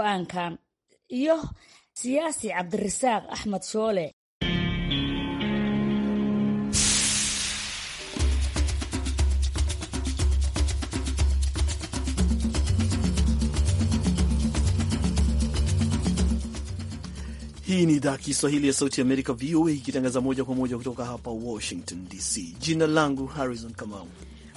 Banka iyo siyaasi Cabdirasaaq Axmed Shoole. Hii ni idhaa ya Kiswahili ya Sauti ya Amerika, VOA, ikitangaza moja kwa moja kutoka hapa Washington DC. Jina langu Harrison Kamau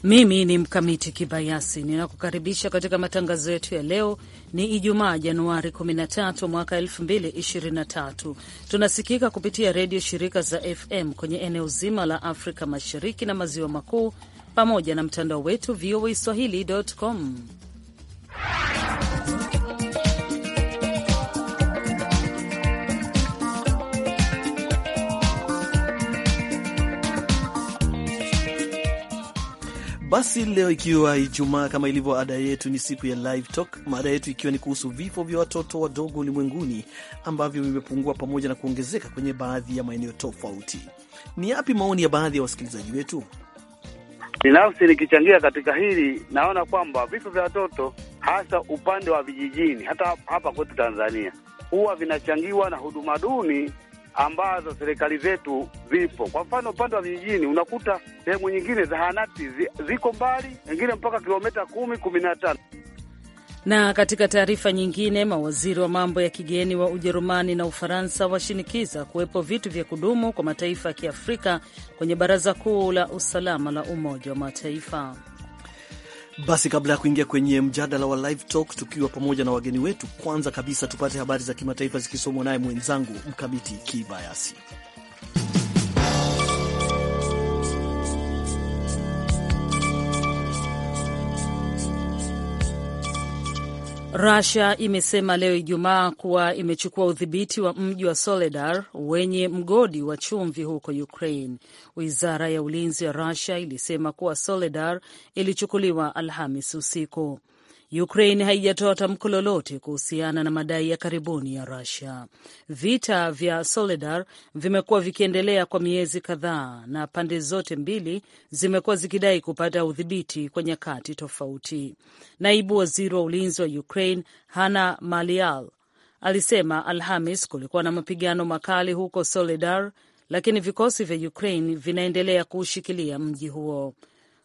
mimi ni Mkamiti Kibayasi, ninakukaribisha katika matangazo yetu ya leo. Ni Ijumaa, Januari 13 mwaka 2023. Tunasikika kupitia redio shirika za FM kwenye eneo zima la Afrika Mashariki na Maziwa Makuu, pamoja na mtandao wetu VOA swahili.com. Basi leo ikiwa Ijumaa, kama ilivyo ada yetu, ni siku ya live talk, mada yetu ikiwa ni kuhusu vifo vya watoto wadogo ulimwenguni ambavyo vimepungua pamoja na kuongezeka kwenye baadhi ya maeneo tofauti. Ni yapi maoni ya baadhi ya wasikilizaji wetu? Binafsi nikichangia katika hili, naona kwamba vifo vya watoto hasa upande wa vijijini, hata hapa kwetu Tanzania, huwa vinachangiwa na huduma duni ambazo serikali zetu zipo. Kwa mfano upande wa vijijini unakuta sehemu nyingine zahanati ziko mbali, wengine mpaka kilomita kumi, kumi na tano. Na katika taarifa nyingine, mawaziri wa mambo ya kigeni wa Ujerumani na Ufaransa washinikiza kuwepo vitu vya kudumu kwa mataifa ya Kiafrika kwenye Baraza Kuu la Usalama la Umoja wa Mataifa. Basi kabla ya kuingia kwenye mjadala wa live talk tukiwa pamoja na wageni wetu, kwanza kabisa tupate habari za kimataifa zikisomwa naye mwenzangu Mkamiti Kibayasi. Russia imesema leo Ijumaa kuwa imechukua udhibiti wa mji wa Soledar wenye mgodi wa chumvi huko Ukraine. Wizara ya ulinzi ya rasia ilisema kuwa Soledar ilichukuliwa Alhamis usiku. Ukraine haijatoa tamko lolote kuhusiana na madai ya karibuni ya rasia Vita vya solidar vimekuwa vikiendelea kwa miezi kadhaa na pande zote mbili zimekuwa zikidai kupata udhibiti kwa nyakati tofauti. Naibu waziri wa ulinzi wa Ukraine Hana Malial alisema Alhamis kulikuwa na mapigano makali huko solidar lakini vikosi vya Ukraine vinaendelea kuushikilia mji huo.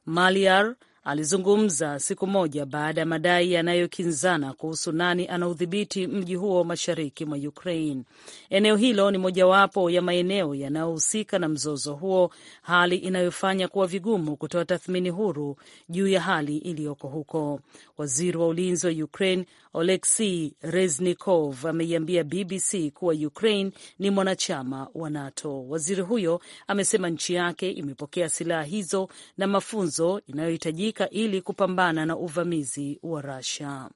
Maliar alizungumza siku moja baada ya madai yanayokinzana kuhusu nani anaudhibiti mji huo mashariki mwa Ukraine. Eneo hilo ni mojawapo ya maeneo yanayohusika na mzozo huo, hali inayofanya kuwa vigumu kutoa tathmini huru juu ya hali iliyoko huko. Waziri wa ulinzi wa Ukraine Oleksii Reznikov ameiambia BBC kuwa Ukraine ni mwanachama wa NATO. Waziri huyo amesema nchi yake imepokea silaha hizo na mafunzo inayohitajika ili kupambana na uvamizi wa rasia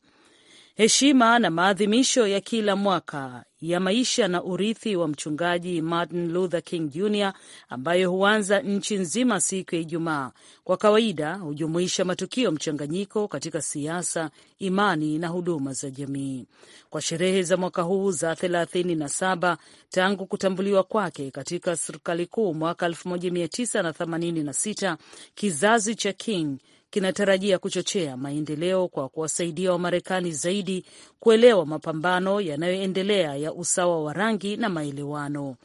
Heshima na maadhimisho ya kila mwaka ya maisha na urithi wa mchungaji Martin Luther King Jr ambayo huanza nchi nzima siku ya Ijumaa kwa kawaida hujumuisha matukio mchanganyiko katika siasa, imani na huduma za jamii. Kwa sherehe za mwaka huu za 37 tangu kutambuliwa kwake katika serikali kuu mwaka 1986, kizazi cha King kinatarajia kuchochea maendeleo kwa kuwasaidia Wamarekani zaidi kuelewa mapambano yanayoendelea ya usawa wa rangi na maelewano.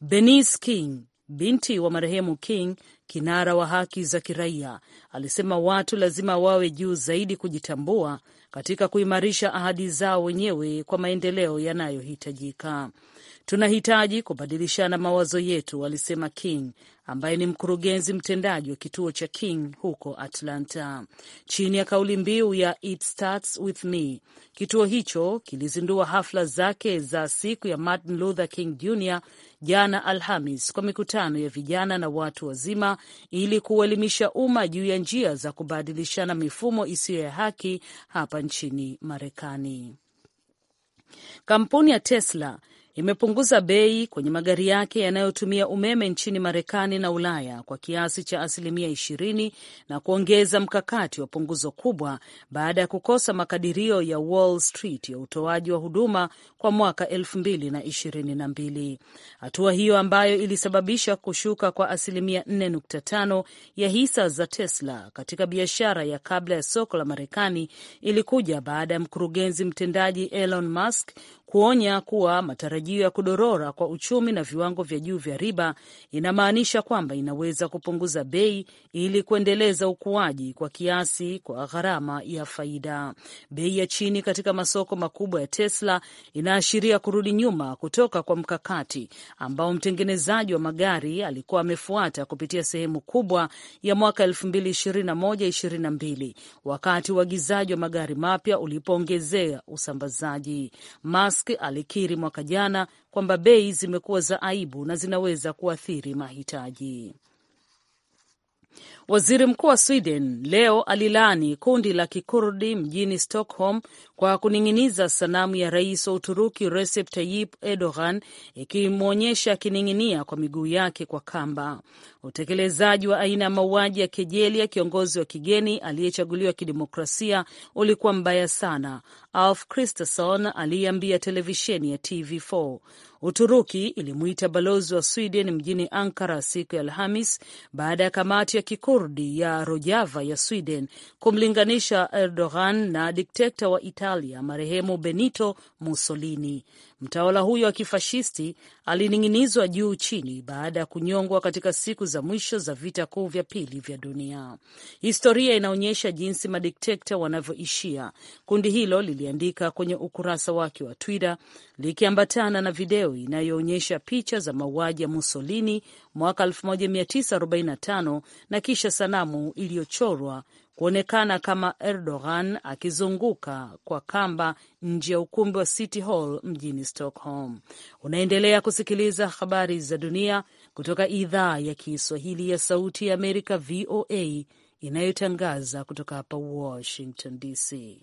Bernice King, binti wa marehemu King, kinara wa haki za kiraia, alisema watu lazima wawe juu zaidi kujitambua katika kuimarisha ahadi zao wenyewe kwa maendeleo yanayohitajika. Tunahitaji kubadilishana mawazo yetu, alisema King ambaye ni mkurugenzi mtendaji wa kituo cha King huko Atlanta. Chini ya kauli mbiu ya It Starts With Me, kituo hicho kilizindua hafla zake za siku ya Martin Luther King Jr jana Alhamis kwa mikutano ya vijana na watu wazima ili kuuelimisha umma juu ya njia za kubadilishana mifumo isiyo ya haki hapa nchini Marekani. Kampuni ya Tesla imepunguza bei kwenye magari yake yanayotumia umeme nchini Marekani na Ulaya kwa kiasi cha asilimia ishirini na kuongeza mkakati wa punguzo kubwa baada ya kukosa makadirio ya Wall Street ya utoaji wa huduma kwa mwaka elfu mbili na ishirini na mbili. Hatua hiyo ambayo ilisababisha kushuka kwa asilimia 4.5 ya hisa za Tesla katika biashara ya kabla ya soko la Marekani ilikuja baada ya mkurugenzi mtendaji Elon Musk kuonya kuwa matarajio ya kudorora kwa uchumi na viwango vya juu vya riba inamaanisha kwamba inaweza kupunguza bei ili kuendeleza ukuaji kwa kiasi kwa gharama ya faida. Bei ya chini katika masoko makubwa ya Tesla inaashiria kurudi nyuma kutoka kwa mkakati ambao mtengenezaji wa magari alikuwa amefuata kupitia sehemu kubwa ya mwaka 2021-2022 wakati uagizaji wa magari mapya ulipoongezea usambazaji Mas Musk alikiri mwaka jana kwamba bei zimekuwa za aibu na zinaweza kuathiri mahitaji. Waziri mkuu wa Sweden leo alilaani kundi la kikurdi mjini Stockholm kwa kuning'iniza sanamu ya rais wa Uturuki Recep Tayyip Erdogan, ikimwonyesha akining'inia kwa miguu yake kwa kamba. Utekelezaji wa aina ya mauaji ya kejeli ya kiongozi wa kigeni aliyechaguliwa kidemokrasia ulikuwa mbaya sana, alf Kristersson aliyeambia televisheni ya TV4. Uturuki ilimuita balozi wa Sweden mjini Ankara siku ya Alhamis baada ya kamati ya kikurdi ya Rojava ya Sweden kumlinganisha Erdogan na dikteta wa Italia marehemu Benito Mussolini. Mtawala huyo wa kifashisti alining'inizwa juu chini baada ya kunyongwa katika siku za mwisho za vita kuu vya pili vya dunia. Historia inaonyesha jinsi madiktekta wanavyoishia, kundi hilo liliandika kwenye ukurasa wake wa Twitter likiambatana na video inayoonyesha picha za mauaji ya Mussolini mwaka 1945 na kisha sanamu iliyochorwa kuonekana kama Erdogan akizunguka kwa kamba nje ya ukumbi wa City Hall mjini Stockholm. Unaendelea kusikiliza habari za dunia kutoka idhaa ya Kiswahili ya Sauti ya Amerika, VOA, inayotangaza kutoka hapa Washington DC.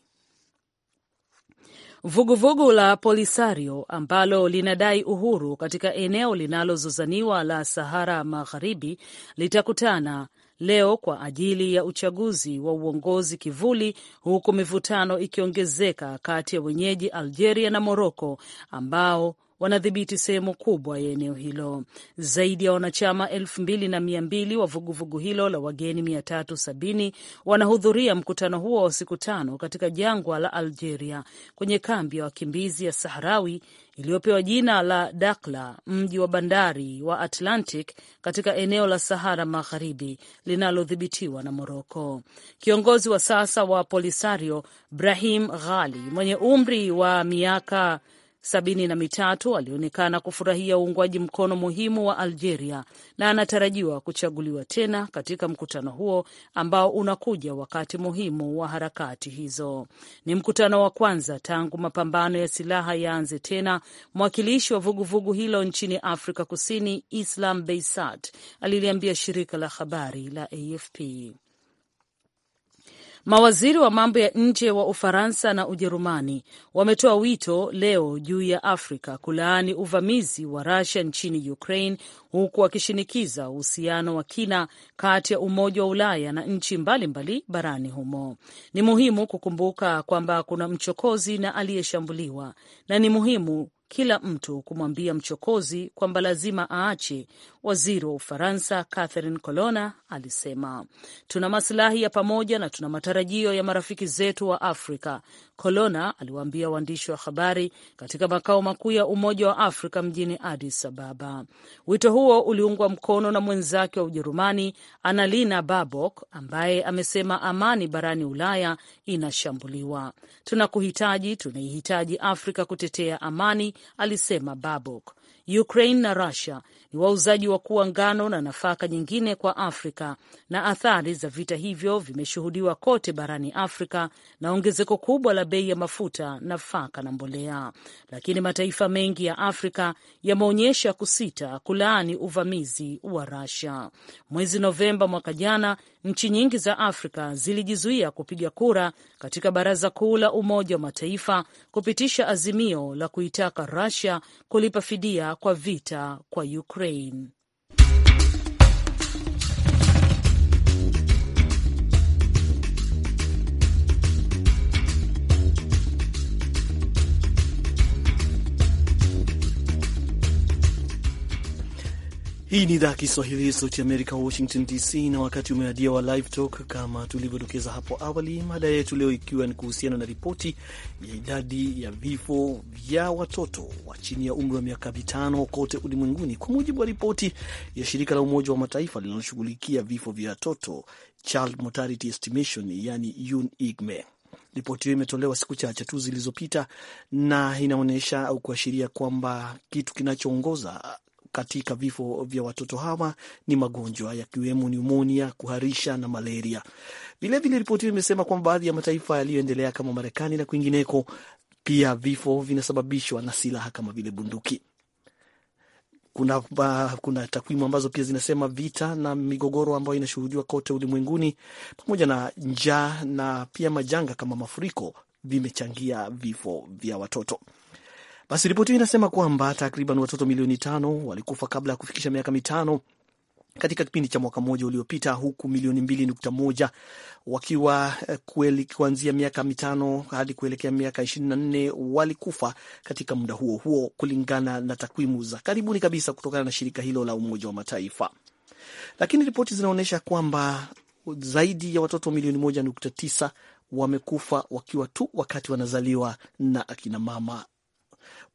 Vuguvugu la Polisario ambalo linadai uhuru katika eneo linalozozaniwa la Sahara Magharibi litakutana leo kwa ajili ya uchaguzi wa uongozi kivuli, huku mivutano ikiongezeka kati ya wenyeji Algeria na Moroko ambao wanadhibiti sehemu kubwa ya eneo hilo. Zaidi ya wanachama elfu mbili na mia mbili wa vuguvugu hilo la wageni mia tatu sabini wanahudhuria mkutano huo wa siku tano katika jangwa la Algeria kwenye kambi ya wakimbizi ya Sahrawi iliyopewa jina la Dakla, mji wa bandari wa Atlantic katika eneo la Sahara Magharibi linalodhibitiwa na Moroko. Kiongozi wa sasa wa Polisario, Brahim Ghali, mwenye umri wa miaka sabini na mitatu alionekana kufurahia uungwaji mkono muhimu wa Algeria na anatarajiwa kuchaguliwa tena katika mkutano huo ambao unakuja wakati muhimu wa harakati hizo. Ni mkutano wa kwanza tangu mapambano ya silaha yaanze tena. Mwakilishi wa vuguvugu vugu hilo nchini Afrika Kusini, Islam Beisat, aliliambia shirika la habari la AFP. Mawaziri wa mambo ya nje wa Ufaransa na Ujerumani wametoa wito leo juu ya Afrika kulaani uvamizi wa Russia nchini Ukraine, huku wakishinikiza uhusiano wa kina kati ya Umoja wa Ulaya na nchi mbalimbali barani humo. Ni muhimu kukumbuka kwamba kuna mchokozi na aliyeshambuliwa, na ni muhimu kila mtu kumwambia mchokozi kwamba lazima aache, waziri wa Ufaransa Catherine Colonna alisema. Tuna masilahi ya pamoja na tuna matarajio ya marafiki zetu wa Afrika Colonna aliwaambia waandishi wa habari katika makao makuu ya Umoja wa Afrika mjini Addis Ababa. Wito huo uliungwa mkono na mwenzake wa Ujerumani Annalena Baerbock ambaye amesema amani barani Ulaya inashambuliwa. Tunakuhitaji, tunaihitaji Afrika kutetea amani, alisema Baerbock. Ukraine na Russia ni wauzaji wakuu wa ngano na nafaka nyingine kwa Afrika, na athari za vita hivyo vimeshuhudiwa kote barani Afrika na ongezeko kubwa la bei ya mafuta, nafaka na mbolea. Lakini mataifa mengi ya Afrika yameonyesha kusita kulaani uvamizi wa rasia Mwezi Novemba mwaka jana, nchi nyingi za Afrika zilijizuia kupiga kura katika Baraza Kuu la Umoja wa Mataifa kupitisha azimio la kuitaka rasia kulipa fidia kwa vita kwa Ukraine. Ukraine. Hii ni idhaa ya Kiswahili ya Sauti Amerika, Washington DC, na wakati umeadia wa Live Talk. Kama tulivyodokeza hapo awali, mada yetu leo ikiwa ni kuhusiana na ripoti ya idadi ya vifo vya watoto wa chini ya umri wa miaka mitano kote ulimwenguni, kwa mujibu wa ripoti ya shirika la Umoja wa Mataifa linaloshughulikia vifo vya watoto, Child Mortality Estimation, yani UNIGME. Ripoti hiyo imetolewa siku chache tu zilizopita na inaonyesha au kuashiria kwamba kitu kinachoongoza katika vifo vya watoto hawa ni magonjwa yakiwemo nyumonia, kuharisha na malaria. Vilevile, ripoti hiyo imesema kwamba baadhi ya mataifa yaliyoendelea kama Marekani na kwingineko pia vifo vinasababishwa na silaha kama vile bunduki. Kuna, kuna takwimu ambazo pia zinasema vita na migogoro ambayo inashuhudiwa kote ulimwenguni pamoja na njaa na pia majanga kama mafuriko vimechangia vifo vya watoto. Basi ripoti hiyo inasema kwamba takriban watoto milioni tano walikufa kabla ya kufikisha miaka mitano katika kipindi cha mwaka mmoja uliopita, huku milioni mbili nukta moja wakiwa eh, kweli kuanzia miaka mitano hadi kuelekea miaka ishirini na nne walikufa katika muda huo huo, kulingana na takwimu za karibuni kabisa kutokana na shirika hilo la Umoja wa Mataifa. Lakini ripoti zinaonyesha kwamba zaidi ya watoto milioni moja nukta tisa wamekufa wakiwa tu wakati wanazaliwa na akina mama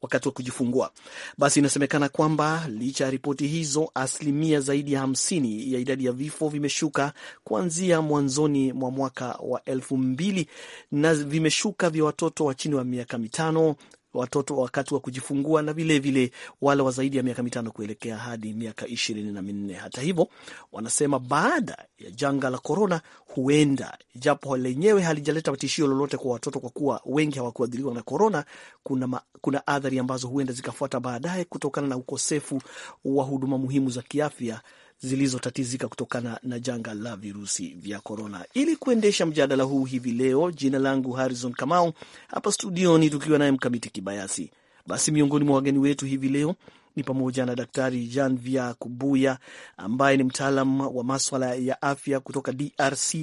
wakati wa kujifungua. Basi inasemekana kwamba licha ya ripoti hizo, asilimia zaidi ya hamsini ya idadi ya vifo vimeshuka kuanzia mwanzoni mwa mwaka wa elfu mbili na vimeshuka vya watoto wa chini wa miaka mitano watoto wakati wa kujifungua na vilevile wale wa zaidi ya miaka mitano kuelekea hadi miaka ishirini na minne. Hata hivyo, wanasema baada ya janga la korona, huenda japo lenyewe halijaleta tishio lolote kwa watoto, kwa kuwa wengi hawakuadhiriwa na korona, kuna, ma, kuna athari ambazo huenda zikafuata baadaye kutokana na ukosefu wa huduma muhimu za kiafya zilizotatizika kutokana na janga la virusi vya korona. Ili kuendesha mjadala huu hivi leo, jina langu Harrison Kamau, hapa studioni tukiwa naye Mkamiti Kibayasi. Basi miongoni mwa wageni wetu hivi leo ni pamoja na Daktari Via Kubuya ambaye ni mtaalam wa maswala ya afya kutoka DRC.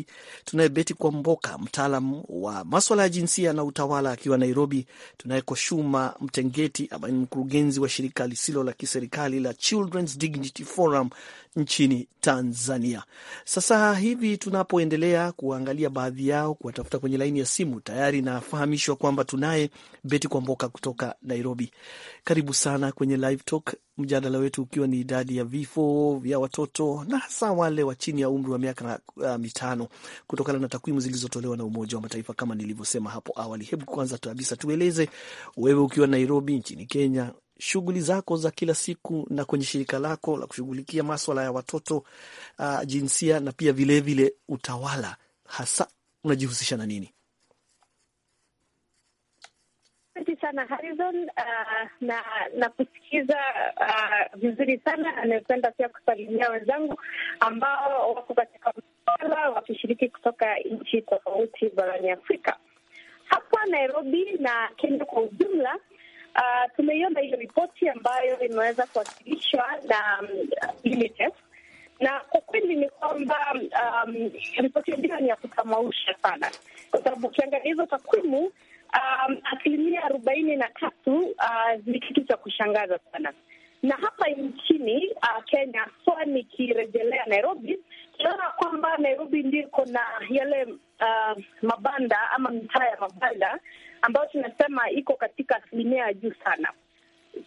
Tunaye Beti Kwamboka, mtaalam wa maswala ya jinsia na utawala akiwa Nairobi. Tunaye Koshuma Mtengeti ambaye ni mkurugenzi wa shirika lisilo la kiserikali la Children's Dignity Forum nchini Tanzania. Sasa hivi tunapoendelea kuangalia baadhi yao, kuwatafuta kwenye laini ya simu, tayari nafahamishwa kwamba tunaye Beti Kwamboka kutoka Nairobi. Karibu sana kwenye Live Talk, mjadala wetu ukiwa ni idadi ya vifo vya watoto na hasa wale wa chini ya umri wa miaka uh, mitano, kutokana na takwimu zilizotolewa na Umoja wa Mataifa kama nilivyosema hapo awali. Hebu kwanza kabisa tueleze wewe ukiwa Nairobi nchini Kenya, shughuli zako za kila siku na kwenye shirika lako la kushughulikia maswala ya watoto uh, jinsia na pia vilevile vile utawala, hasa unajihusisha na nini? Asante sana Harizon. uh, na na kusikiza uh, vizuri sana. Anapenda pia kusalimia wenzangu ambao wako katika mtala wakishiriki kutoka nchi tofauti barani Afrika hapa Nairobi na Kenya kwa ambayo imeweza kuwasilishwa na um, na kwa kweli ni kwamba um, ripoti yenyewe ni ya kutamausha sana, kwa sababu ukiangalia hizo takwimu um, asilimia arobaini na tatu uh, ni kitu cha kushangaza sana. Na hapa nchini uh, Kenya so, nikirejelea Nairobi, tunaona kwamba Nairobi ndio iko na yale uh, mabanda ama mitaa ya mabanda ambayo tunasema iko katika asilimia ya juu sana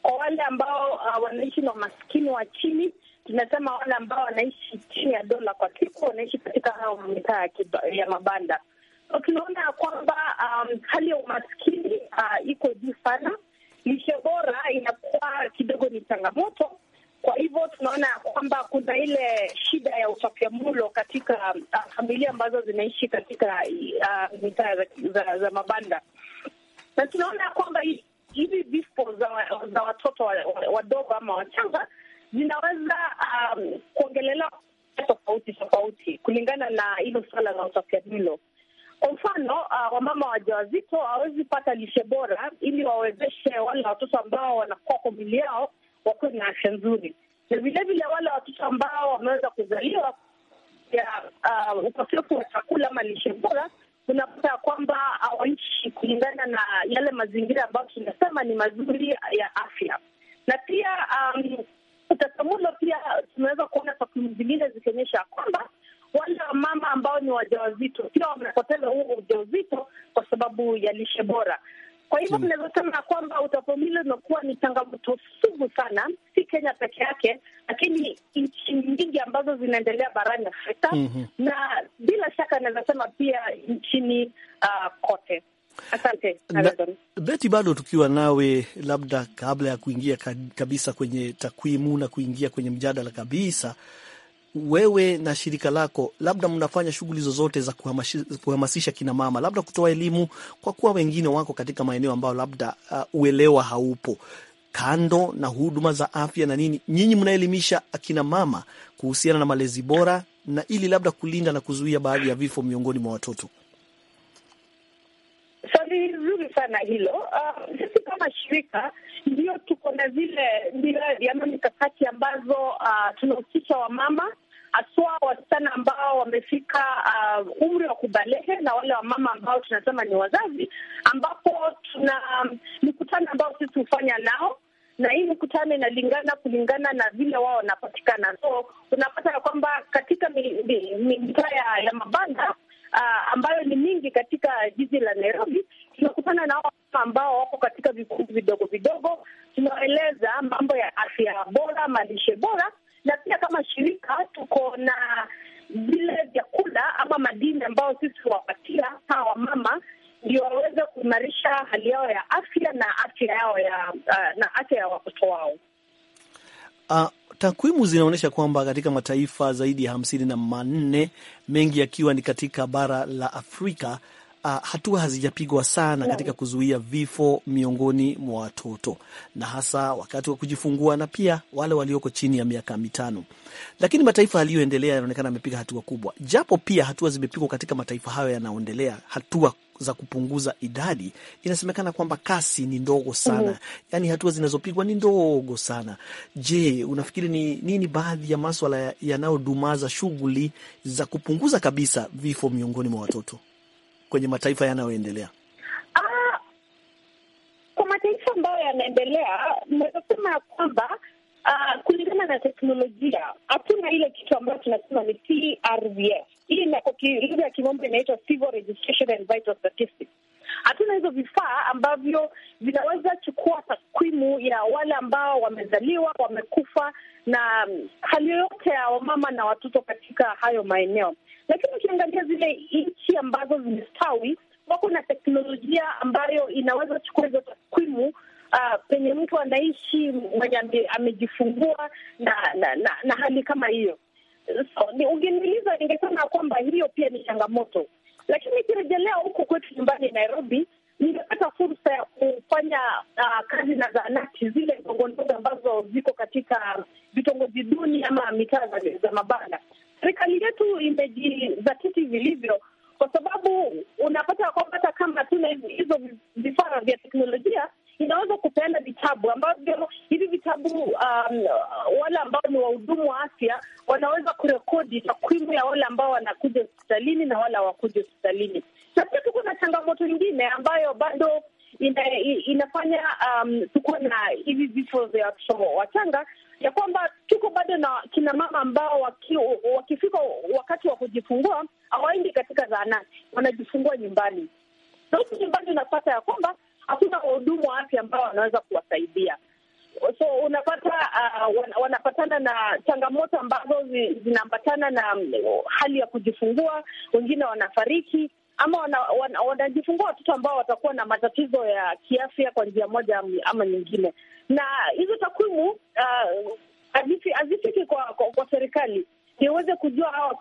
kwa wale ambao uh, wanaishi na umaskini wa chini, tunasema wale ambao wanaishi chini ya dola kwa siku, wanaishi katika hayo mitaa ya mabanda. So tunaona ya kwamba um, hali ya umaskini uh, iko juu sana. Lishe bora inakuwa kidogo ni changamoto. Kwa hivyo tunaona ya kwamba kuna ile shida ya mulo katika uh, familia ambazo zinaishi katika uh, mitaa za, za, za mabanda, na tunaona ya kwamba hivi vifo za, za watoto wadogo wa, wa ama wachanga zinaweza um, kuongelelewa tofauti tofauti kulingana na hilo suala la utapiamlo. Kwa mfano uh, wamama wajawazito hawawezi pata lishe bora ili wawezeshe wale watoto ambao wanakuwa kwa mili yao wakuwe na afya nzuri, na vilevile wale watoto ambao wameweza kuzaliwa ya uh, ukosefu wa chakula ama lishe bora unakuta ya kwamba hawaishi kulingana na yale mazingira ambayo tunasema ni mazuri ya afya, na pia um, utasamulo pia tunaweza kuona takwimu zingine zikionyesha kwamba wale wamama ambao ni wajawazito pia wamepoteza huo ujauzito kwa sababu ya lishe bora. Kwa hivyo hmm. tunaweza sema kwamba utapiamlo imekuwa ni changamoto sugu sana, si Kenya peke yake, lakini nyingi ambazo zinaendelea barani Afrika mm -hmm. na bila shaka nawezasema pia nchini uh, kote. Asante Beti, bado tukiwa nawe, labda kabla ya kuingia kabisa kwenye takwimu na kuingia kwenye mjadala kabisa, wewe na shirika lako labda mnafanya shughuli zozote za kuhamasisha kinamama, labda kutoa elimu, kwa kuwa wengine wako katika maeneo ambayo labda uh, uelewa haupo kando na huduma za afya na nini, nyinyi mnaelimisha akina mama kuhusiana na malezi bora na ili labda kulinda na kuzuia baadhi ya vifo miongoni mwa watoto? Swali zuri sana hilo. Uh, sisi kama shirika ndio tuko na zile miradi ama mikakati ambazo uh, tunahusisha wamama haswa wasichana ambao wamefika uh, umri wa kubalehe na wale wamama ambao tunasema ni wazazi, ambapo tuna um, ambao sisi hufanya nao na hii mkutano inalingana kulingana na vile wao wanapatikana. So unapata ya kwamba katika mitaa ya mabanda Uh, ambayo ni mingi katika jiji la Nairobi. Tunakutana na watu ambao wako katika vikundi vidogo vidogo, tunaeleza mambo ya afya bora, malishe bora, na pia kama shirika tuko na vile vyakula ama madini ambayo sisi wapatia hawa mama ndio waweze kuimarisha hali yao ya afya na afya yao ya uh, na afya ya watoto wao. Uh, takwimu zinaonyesha kwamba katika mataifa zaidi ya hamsini na manne mengi yakiwa ni katika bara la Afrika uh, hatua hazijapigwa sana katika kuzuia vifo miongoni mwa watoto na hasa wakati wa kujifungua na pia wale walioko chini ya miaka mitano, lakini mataifa yaliyoendelea yanaonekana yamepiga hatua kubwa, japo pia hatua zimepigwa katika mataifa hayo yanaoendelea. Hatua za kupunguza idadi inasemekana kwamba kasi ni ndogo sana. mm -hmm. Yani hatua zinazopigwa ni ndogo sana. Je, unafikiri ni nini baadhi ya maswala yanayodumaza shughuli za kupunguza kabisa vifo miongoni mwa watoto? kwenye mataifa yanayoendelea? Ah, kwa mataifa ambayo yanaendelea naweza ya kwamba Uh, kulingana na teknolojia hakuna ile kitu ambayo tunasema ni TRVS. Hii lugha ya kimombo inaitwa Civil Registration and Vital Statistics hatuna hizo vifaa ambavyo vinaweza chukua takwimu ya wale ambao wamezaliwa, wamekufa na hali yoyote ya wamama na watoto katika hayo maeneo. Lakini ukiangalia zile nchi ambazo zimestawi, wako na teknolojia ambayo inaweza chukua hizo takwimu Uh, penye mtu anaishi mwenye ame, amejifungua na na, na na hali kama hiyo. So, ungeniuliza ningesema kwamba hiyo pia ni changamoto, lakini ikirejelea huku kwetu nyumbani Nairobi, nimepata fursa ya kufanya uh, kazi na zahanati zile ndogo ndogo ambazo ziko katika vitongoji duni ama mitaa za mabanda. Serikali yetu imejizatiti vilivyo, kwa sababu unapata kwamba hata kama tuna hizo vifaa vya teknolojia inaweza kupeana vitabu ambavyo hivi vitabu um, wale ambao ni wahudumu wa afya wanaweza kurekodi takwimu ya wale ambao wanakuja hospitalini na wale hawakuja hospitalini. Na pia tuko na changamoto nyingine ambayo bado ina, inafanya um, tuko na hivi vifo vya watoto wachanga ya kwamba tuko bado na kina mama ambao waki, wakifika wakati wa kujifungua hawaendi katika zahanati, wanajifungua nyumbani. Na huku nyumbani unapata ya kwamba hakuna wahudumu wa afya ambao wanaweza kuwasaidia. So unapata uh, wanapatana na changamoto ambazo zinaambatana na um, hali ya kujifungua. Wengine wanafariki ama wanajifungua watoto ambao watakuwa na matatizo ya kiafya kwa njia moja ama nyingine, na hizo takwimu uh, hazifiki kwa, kwa, kwa serikali niweze kujua hawa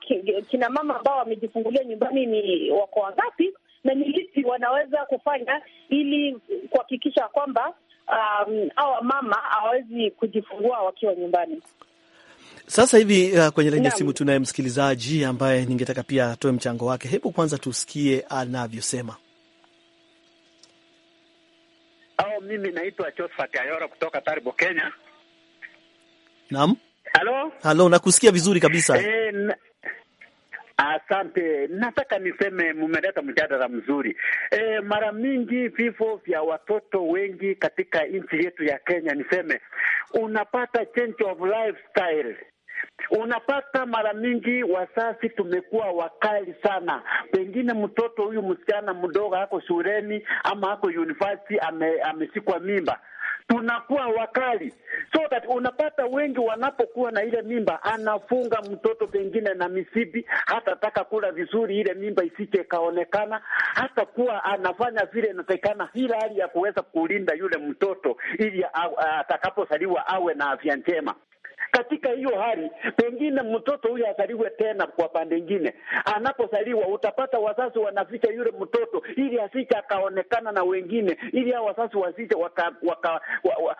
kina mama ambao wamejifungulia nyumbani ni wako wangapi, na ni lipi wanaweza kufanya ili kuhakikisha kwamba um, awa mama hawawezi kujifungua wakiwa nyumbani. Sasa hivi uh, kwenye laini ya simu tunaye msikilizaji ambaye ningetaka pia atoe mchango wake. Hebu kwanza tusikie anavyosema. Au mimi naitwa Josephat Ayora kutoka Taribo, Kenya. Naam. Halo? Halo, nakusikia vizuri kabisa. E, Asante, nataka niseme mumeleta mjadala mzuri. E, mara mingi vifo vya watoto wengi katika nchi yetu ya Kenya, niseme unapata change of lifestyle unapata mara mingi wazazi tumekuwa wakali sana. Pengine mtoto huyu msichana mdogo ako shuleni ama ako university, ameshikwa ame mimba, tunakuwa wakali. So that unapata wengi wanapokuwa na ile mimba, anafunga mtoto pengine na misipi, taka kula vizuri, ile mimba isiche kaonekana, hata kuwa anafanya vile inatakikana, ila hali ya kuweza kulinda yule mtoto ili atakapozaliwa awe na afya njema. Katika hiyo hali, pengine mtoto huyo azaliwe tena. Kwa pande nyingine, anapozaliwa utapata wazazi wanaficha yule mtoto ili asije akaonekana na wengine, ili hao wazazi wasije wakaibika, waka,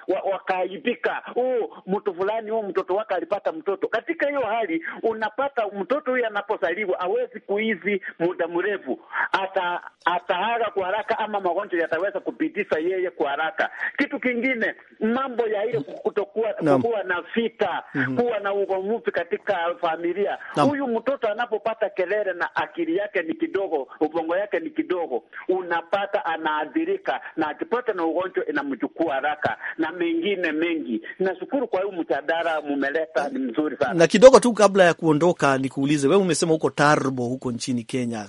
waka, waka oh, mtu fulani huo oh, mtoto wake alipata mtoto. Katika hiyo hali, unapata mtoto huyo anapozaliwa awezi kuishi muda mrefu, ata ataaga kwa haraka, ama magonjwa yataweza kupitisha yeye kwa haraka. Kitu kingine, mambo ya ile kutokuwa kuwa na vita mm -hmm. kuwa na ugomvi katika familia Huyu mtoto anapopata kelele na akili yake ni kidogo, ubongo yake ni kidogo, unapata anaathirika, na akipata na ugonjwa inamchukua haraka, na mengine mengi. Nashukuru kwa hiyo mtadara mumeleta, ni mzuri sana. Na kidogo tu kabla ya kuondoka, nikuulize wewe, umesema huko Tarbo huko nchini Kenya,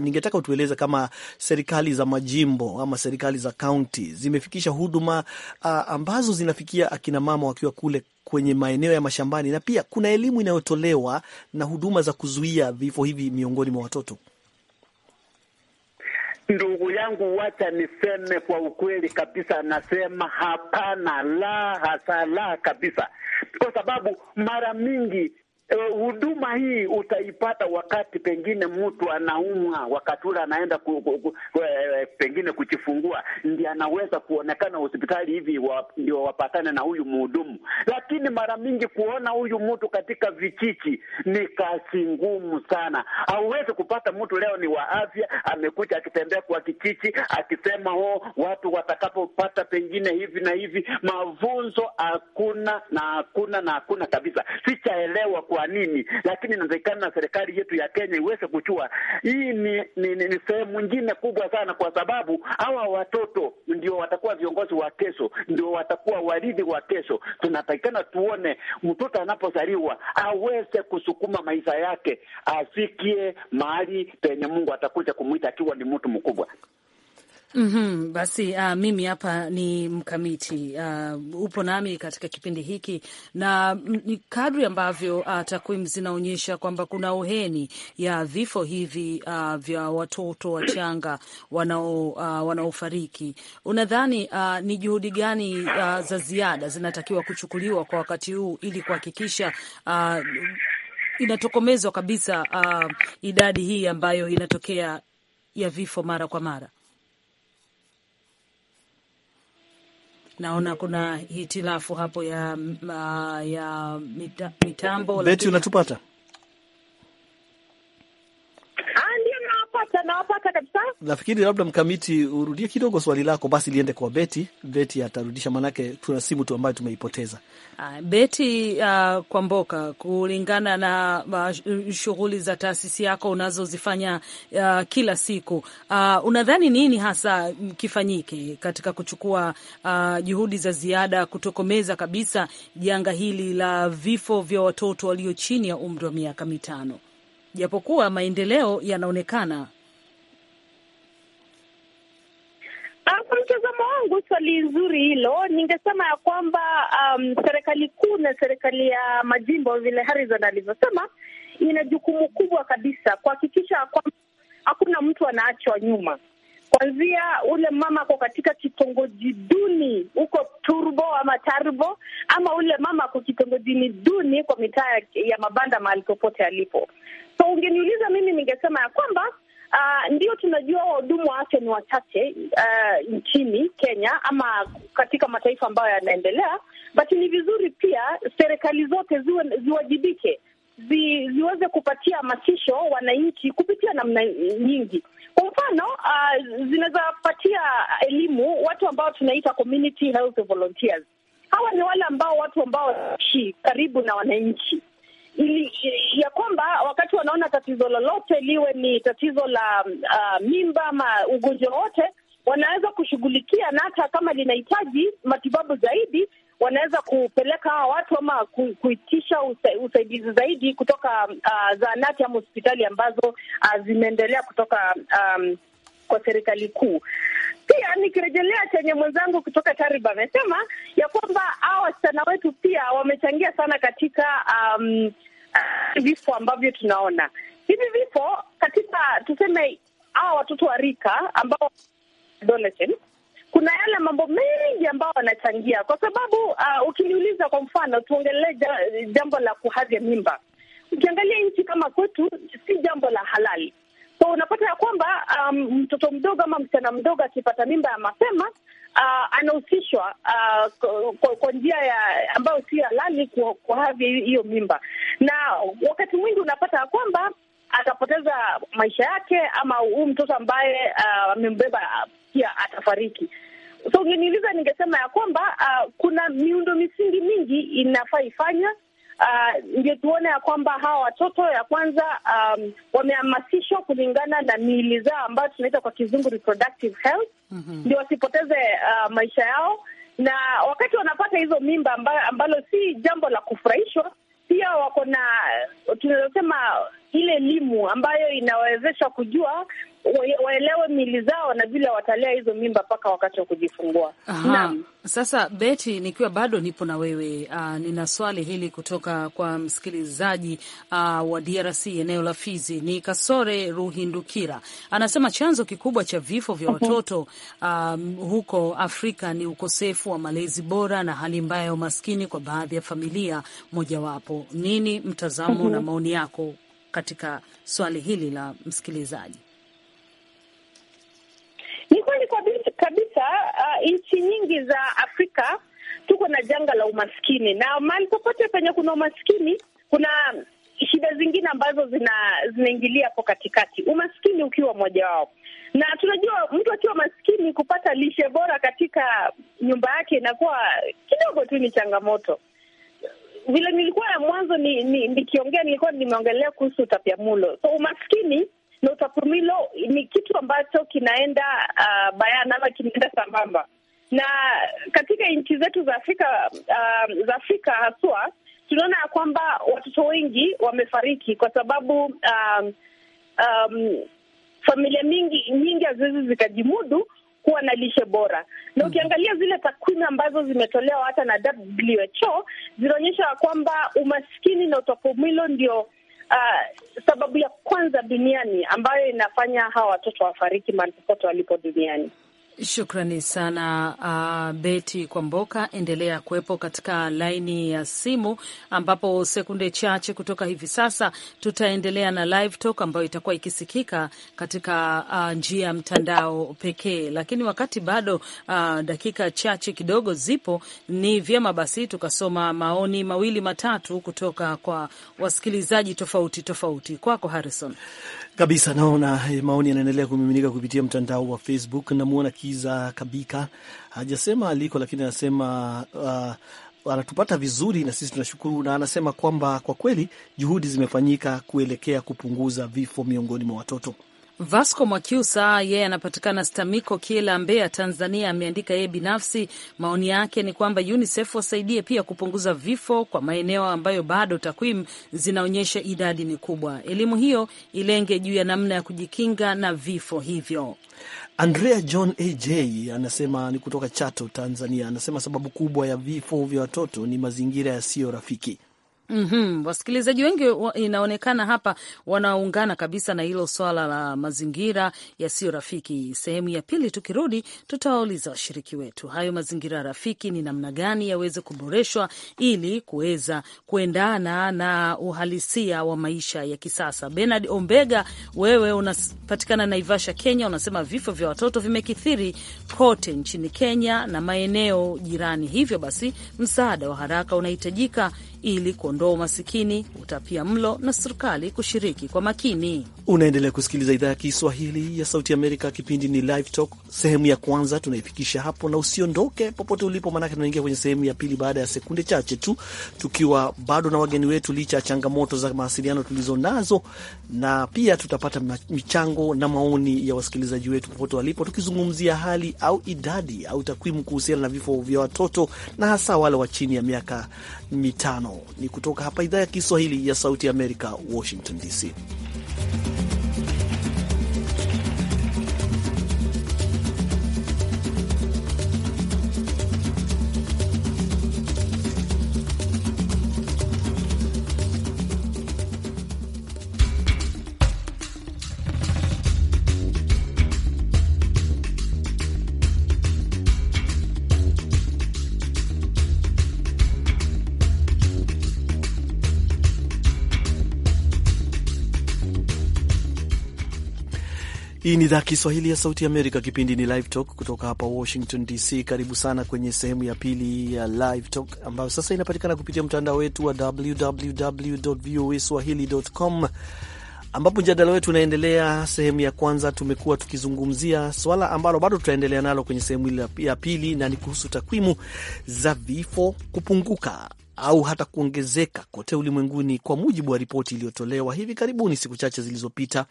ningetaka utueleze kama serikali za majimbo ama serikali za kaunti zimefikisha huduma uh, ambazo zinafikia akina mama wakiwa kule kwenye maeneo ya mashambani, na pia kuna elimu inayotolewa na huduma za kuzuia vifo hivi miongoni mwa watoto? Ndugu yangu, wacha niseme kwa ukweli kabisa, anasema hapana, la hasa la kabisa, kwa sababu mara mingi Eh, huduma hii utaipata wakati pengine mtu anaumwa, wakati ule anaenda ku, ku, ku, eh, pengine kujifungua, ndi anaweza kuonekana hospitali hivi wa, ndio wapatane na huyu mhudumu. Lakini mara mingi kuona huyu mtu katika vichichi ni kazi ngumu sana. Hauwezi kupata mtu leo ni wa afya, amekuja akitembea kwa kichichi akisema oh, watu watakapopata pengine hivi na hivi. Mafunzo hakuna na hakuna na hakuna kabisa, sichaelewa kwa nini, lakini na serikali yetu ya Kenya iweze kujua hii ni, ni, ni, ni sehemu nyingine kubwa sana, kwa sababu hawa watoto ndio watakuwa viongozi wa kesho, ndio watakuwa warithi wa kesho. Tunatakikana tuone mtoto anapozaliwa aweze kusukuma maisha yake, afikie mahali penye Mungu atakuja kumwita akiwa ni mtu mkubwa. Mm -hmm. Basi uh, mimi hapa ni mkamiti uh, upo nami katika kipindi hiki na kadri ambavyo uh, takwimu zinaonyesha kwamba kuna uheni ya vifo hivi uh, vya watoto wachanga wanao uh, wanaofariki, unadhani uh, ni juhudi gani uh, za ziada zinatakiwa kuchukuliwa kwa wakati huu ili kuhakikisha uh, inatokomezwa kabisa uh, idadi hii ambayo inatokea ya vifo mara kwa mara? naona kuna hitilafu hapo ya, mm, ya mitambo. Beti, unatupata? Nawapata, nawapata kabisa. Nafikiri labda mkamiti urudie kidogo swali lako, basi liende kwa Beti. Beti atarudisha, maanake tuna simu tu ambayo tumeipoteza. Ah, Beti uh, ah, Mboka, kulingana na uh, shughuli za taasisi yako unazozifanya uh, kila siku uh, unadhani nini hasa kifanyike katika kuchukua uh, juhudi za ziada kutokomeza kabisa janga hili la vifo vya watoto walio chini ya umri wa miaka mitano? Japokuwa maendeleo yanaonekana Ah, kwa mtazamo wangu, swali nzuri hilo. Ningesema ya kwamba um, serikali kuu na serikali ya majimbo, vile Harrison alivyosema, ina jukumu kubwa kabisa kuhakikisha kwamba hakuna mtu anaachwa nyuma, kuanzia ule mama ako katika kitongoji duni huko Turbo ama Tarbo, ama ule mama ako kitongojini duni kwa mitaa ya mabanda mahali popote alipo. So ungeniuliza mimi, ningesema ya kwamba Uh, ndio tunajua wahudumu wa afya ni wachache uh, nchini Kenya ama katika mataifa ambayo yanaendelea, but ni vizuri pia serikali zote ziwe, ziwajibike zi, ziweze kupatia hamasisho wananchi kupitia namna nyingi. Kwa mfano uh, zinaweza patia elimu watu ambao tunaita community health volunteers. Hawa ni wale ambao watu ambao wanaishi karibu na wananchi ili ya kwamba wakati wanaona tatizo lolote liwe ni tatizo la uh, mimba ama ugonjwa wote, wanaweza kushughulikia, na hata kama linahitaji matibabu zaidi, wanaweza kupeleka hawa watu ama kuitisha usaidizi zaidi kutoka uh, zahanati ama hospitali ambazo uh, zimeendelea kutoka um, kwa serikali kuu. Pia nikirejelea chenye mwenzangu kutoka Tariba amesema ya kwamba hawa wasichana wetu pia wamechangia sana katika um, uh, vifo ambavyo tunaona hivi vifo katika tuseme, hawa watoto wa rika ambao adolescent kuna yale mambo mengi ambayo wanachangia kwa sababu uh, ukiniuliza kwa mfano, tuongelee jambo la kuhavya mimba. Ukiangalia nchi kama kwetu, si jambo la halali, So unapata ya kwamba um, mtoto mdogo ama msichana mdogo akipata mimba ya mapema uh, anahusishwa uh, kwa njia ya ambayo si halali kuhavya hiyo mimba, na wakati mwingi unapata ya kwamba atapoteza maisha yake ama huu mtoto ambaye uh, amembeba uh, pia atafariki. So ungeniuliza, ningesema ya kwamba uh, kuna miundo misingi mingi inafaa ifanya Ah, ndio tuone ya kwamba hawa watoto ya kwanza um, wamehamasishwa kulingana na miili zao ambayo tunaita kwa kizungu reproductive health mm -hmm. Ndio wasipoteze uh, maisha yao, na wakati wanapata hizo mimba ambalo, ambalo si jambo la kufurahishwa pia wako na tunazosema ile elimu ambayo inawezesha kujua waelewe mili zao na vile watalea hizo mimba mpaka wakati wa kujifungua. Naam. Sasa Beti, nikiwa bado nipo na wewe uh, nina swali hili kutoka kwa msikilizaji uh, wa DRC eneo la Fizi, ni Kasore Ruhindukira anasema chanzo kikubwa cha vifo vya mhm. watoto um, huko Afrika ni ukosefu wa malezi bora na hali mbaya ya umaskini kwa baadhi ya familia mojawapo. Nini mtazamo mhm. na maoni yako katika swali hili la msikilizaji? uh, nchi nyingi za Afrika tuko na janga la umaskini, na mahali popote penye kuna umaskini kuna shida zingine ambazo zina, zinaingilia hapo katikati, umaskini ukiwa mmoja wao. Na tunajua mtu akiwa maskini kupata lishe bora katika nyumba yake inakuwa kidogo tu ni changamoto. Vile nilikuwa mwanzo nikiongea ni, ni, nilikuwa nimeongelea kuhusu utapiamlo. So umaskini na Pumilo ni kitu ambacho kinaenda uh, bayana ama kinaenda sambamba na katika nchi zetu za Afrika uh, za Afrika haswa tunaona ya kwamba watoto wengi wamefariki kwa sababu um, um, familia mingi nyingi haziwezi zikajimudu kuwa na lishe bora, na ukiangalia zile takwimu ambazo zimetolewa hata na WHO zinaonyesha kwamba umaskini na utapiamlo ndio uh, sababu ya kwanza duniani ambayo inafanya hawa watoto wafariki mahali popote walipo duniani Shukrani sana uh, Beti mboka endelea kuwepo katika laini ya simu, ambapo sekunde chache kutoka hivi sasa tutaendelea na live talk ambayo itakuwa ikisikika katika uh, njia ya mtandao pekee. Lakini wakati bado uh, dakika chache kidogo zipo, ni vyema basi tukasoma maoni mawili matatu kutoka kwa wasikilizaji tofauti tofauti. Kwako Harrison kabisa. Naona eh, maoni yanaendelea kumiminika kupitia mtandao wa Facebook. Namwona Kiza Kabika, hajasema aliko, lakini anasema uh, anatupata vizuri na sisi tunashukuru, na anasema kwamba kwa kweli juhudi zimefanyika kuelekea kupunguza vifo miongoni mwa watoto. Vasco Mwakiusa yeye anapatikana Stamiko kila Mbeya, Tanzania. Ameandika yeye binafsi maoni yake ni kwamba UNICEF wasaidie pia kupunguza vifo kwa maeneo ambayo bado takwimu zinaonyesha idadi ni kubwa. Elimu hiyo ilenge juu ya namna ya kujikinga na vifo hivyo. Andrea John AJ anasema ni kutoka Chato, Tanzania. Anasema sababu kubwa ya vifo vya watoto ni mazingira yasiyo rafiki Mm -hmm. Wasikilizaji wengi inaonekana hapa wanaungana kabisa na hilo swala la mazingira yasiyo rafiki. Sehemu ya pili tukirudi, tutawauliza washiriki wetu hayo mazingira rafiki ni namna gani yaweze kuboreshwa ili kuweza kuendana na uhalisia wa maisha ya kisasa. Bernard Ombega, wewe unapatikana Naivasha, Kenya, unasema vifo vya watoto vimekithiri kote nchini Kenya na maeneo jirani, hivyo basi msaada wa haraka unahitajika ili kuondoa umasikini, utapia mlo na serikali kushiriki kwa makini. Unaendelea kusikiliza idhaa ya Kiswahili ya Sauti Amerika. Kipindi ni Live Talk. Sehemu ya kwanza tunaifikisha hapo, na usiondoke popote ulipo, maanake tunaingia kwenye sehemu ya pili baada ya sekunde chache tu, tukiwa bado na wageni wetu, licha ya changamoto za mawasiliano tulizo nazo, na pia tutapata michango na maoni ya wasikilizaji wetu popote walipo, tukizungumzia hali au idadi au takwimu kuhusiana na vifo vya watoto na hasa wale wa chini ya miaka mitano. Ni kutoka hapa idhaa ya Kiswahili ya Sauti ya Amerika, Washington DC. Hii ni idhaa Kiswahili ya Sauti Amerika. Kipindi ni Live Talk kutoka hapa Washington DC. Karibu sana kwenye sehemu ya pili ya Live Talk ambayo sasa inapatikana kupitia mtandao wetu wa www voa swahili.com, ambapo mjadala wetu unaendelea. Sehemu ya kwanza tumekuwa tukizungumzia swala ambalo bado tutaendelea nalo kwenye sehemu ya pili, na ni kuhusu takwimu za vifo kupunguka au hata kuongezeka kote ulimwenguni kwa mujibu wa ripoti iliyotolewa hivi karibuni siku chache zilizopita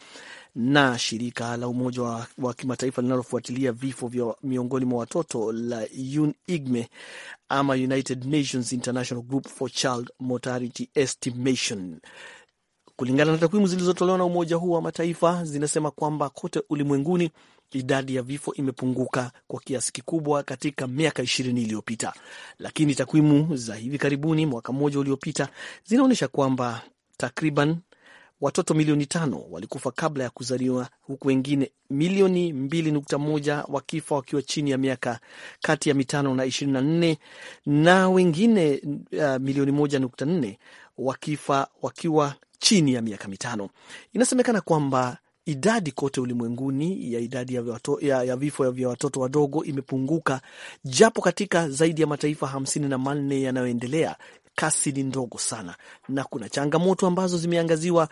na shirika la Umoja wa, wa kimataifa linalofuatilia vifo vya miongoni mwa watoto la UNIGME ama United Nations International Group for Child Mortality Estimation. Kulingana na takwimu zilizotolewa na Umoja huu wa Mataifa zinasema kwamba kote ulimwenguni idadi ya vifo imepunguka kwa kiasi kikubwa katika miaka ishirini iliyopita, lakini takwimu za hivi karibuni mwaka mmoja uliopita zinaonyesha kwamba takriban watoto milioni tano walikufa kabla ya kuzaliwa huku wengine milioni mbili nukta moja wakifa wakiwa chini ya miaka kati ya mitano na ishirini na nne na wengine uh, milioni moja nukta nne wakifa wakiwa chini ya miaka mitano. Inasemekana kwamba idadi kote ulimwenguni ya idadi ya, vato, ya, ya vifo vya watoto wadogo imepunguka, japo katika zaidi ya mataifa hamsini na manne yanayoendelea kasi ni ndogo sana, na kuna changamoto ambazo zimeangaziwa,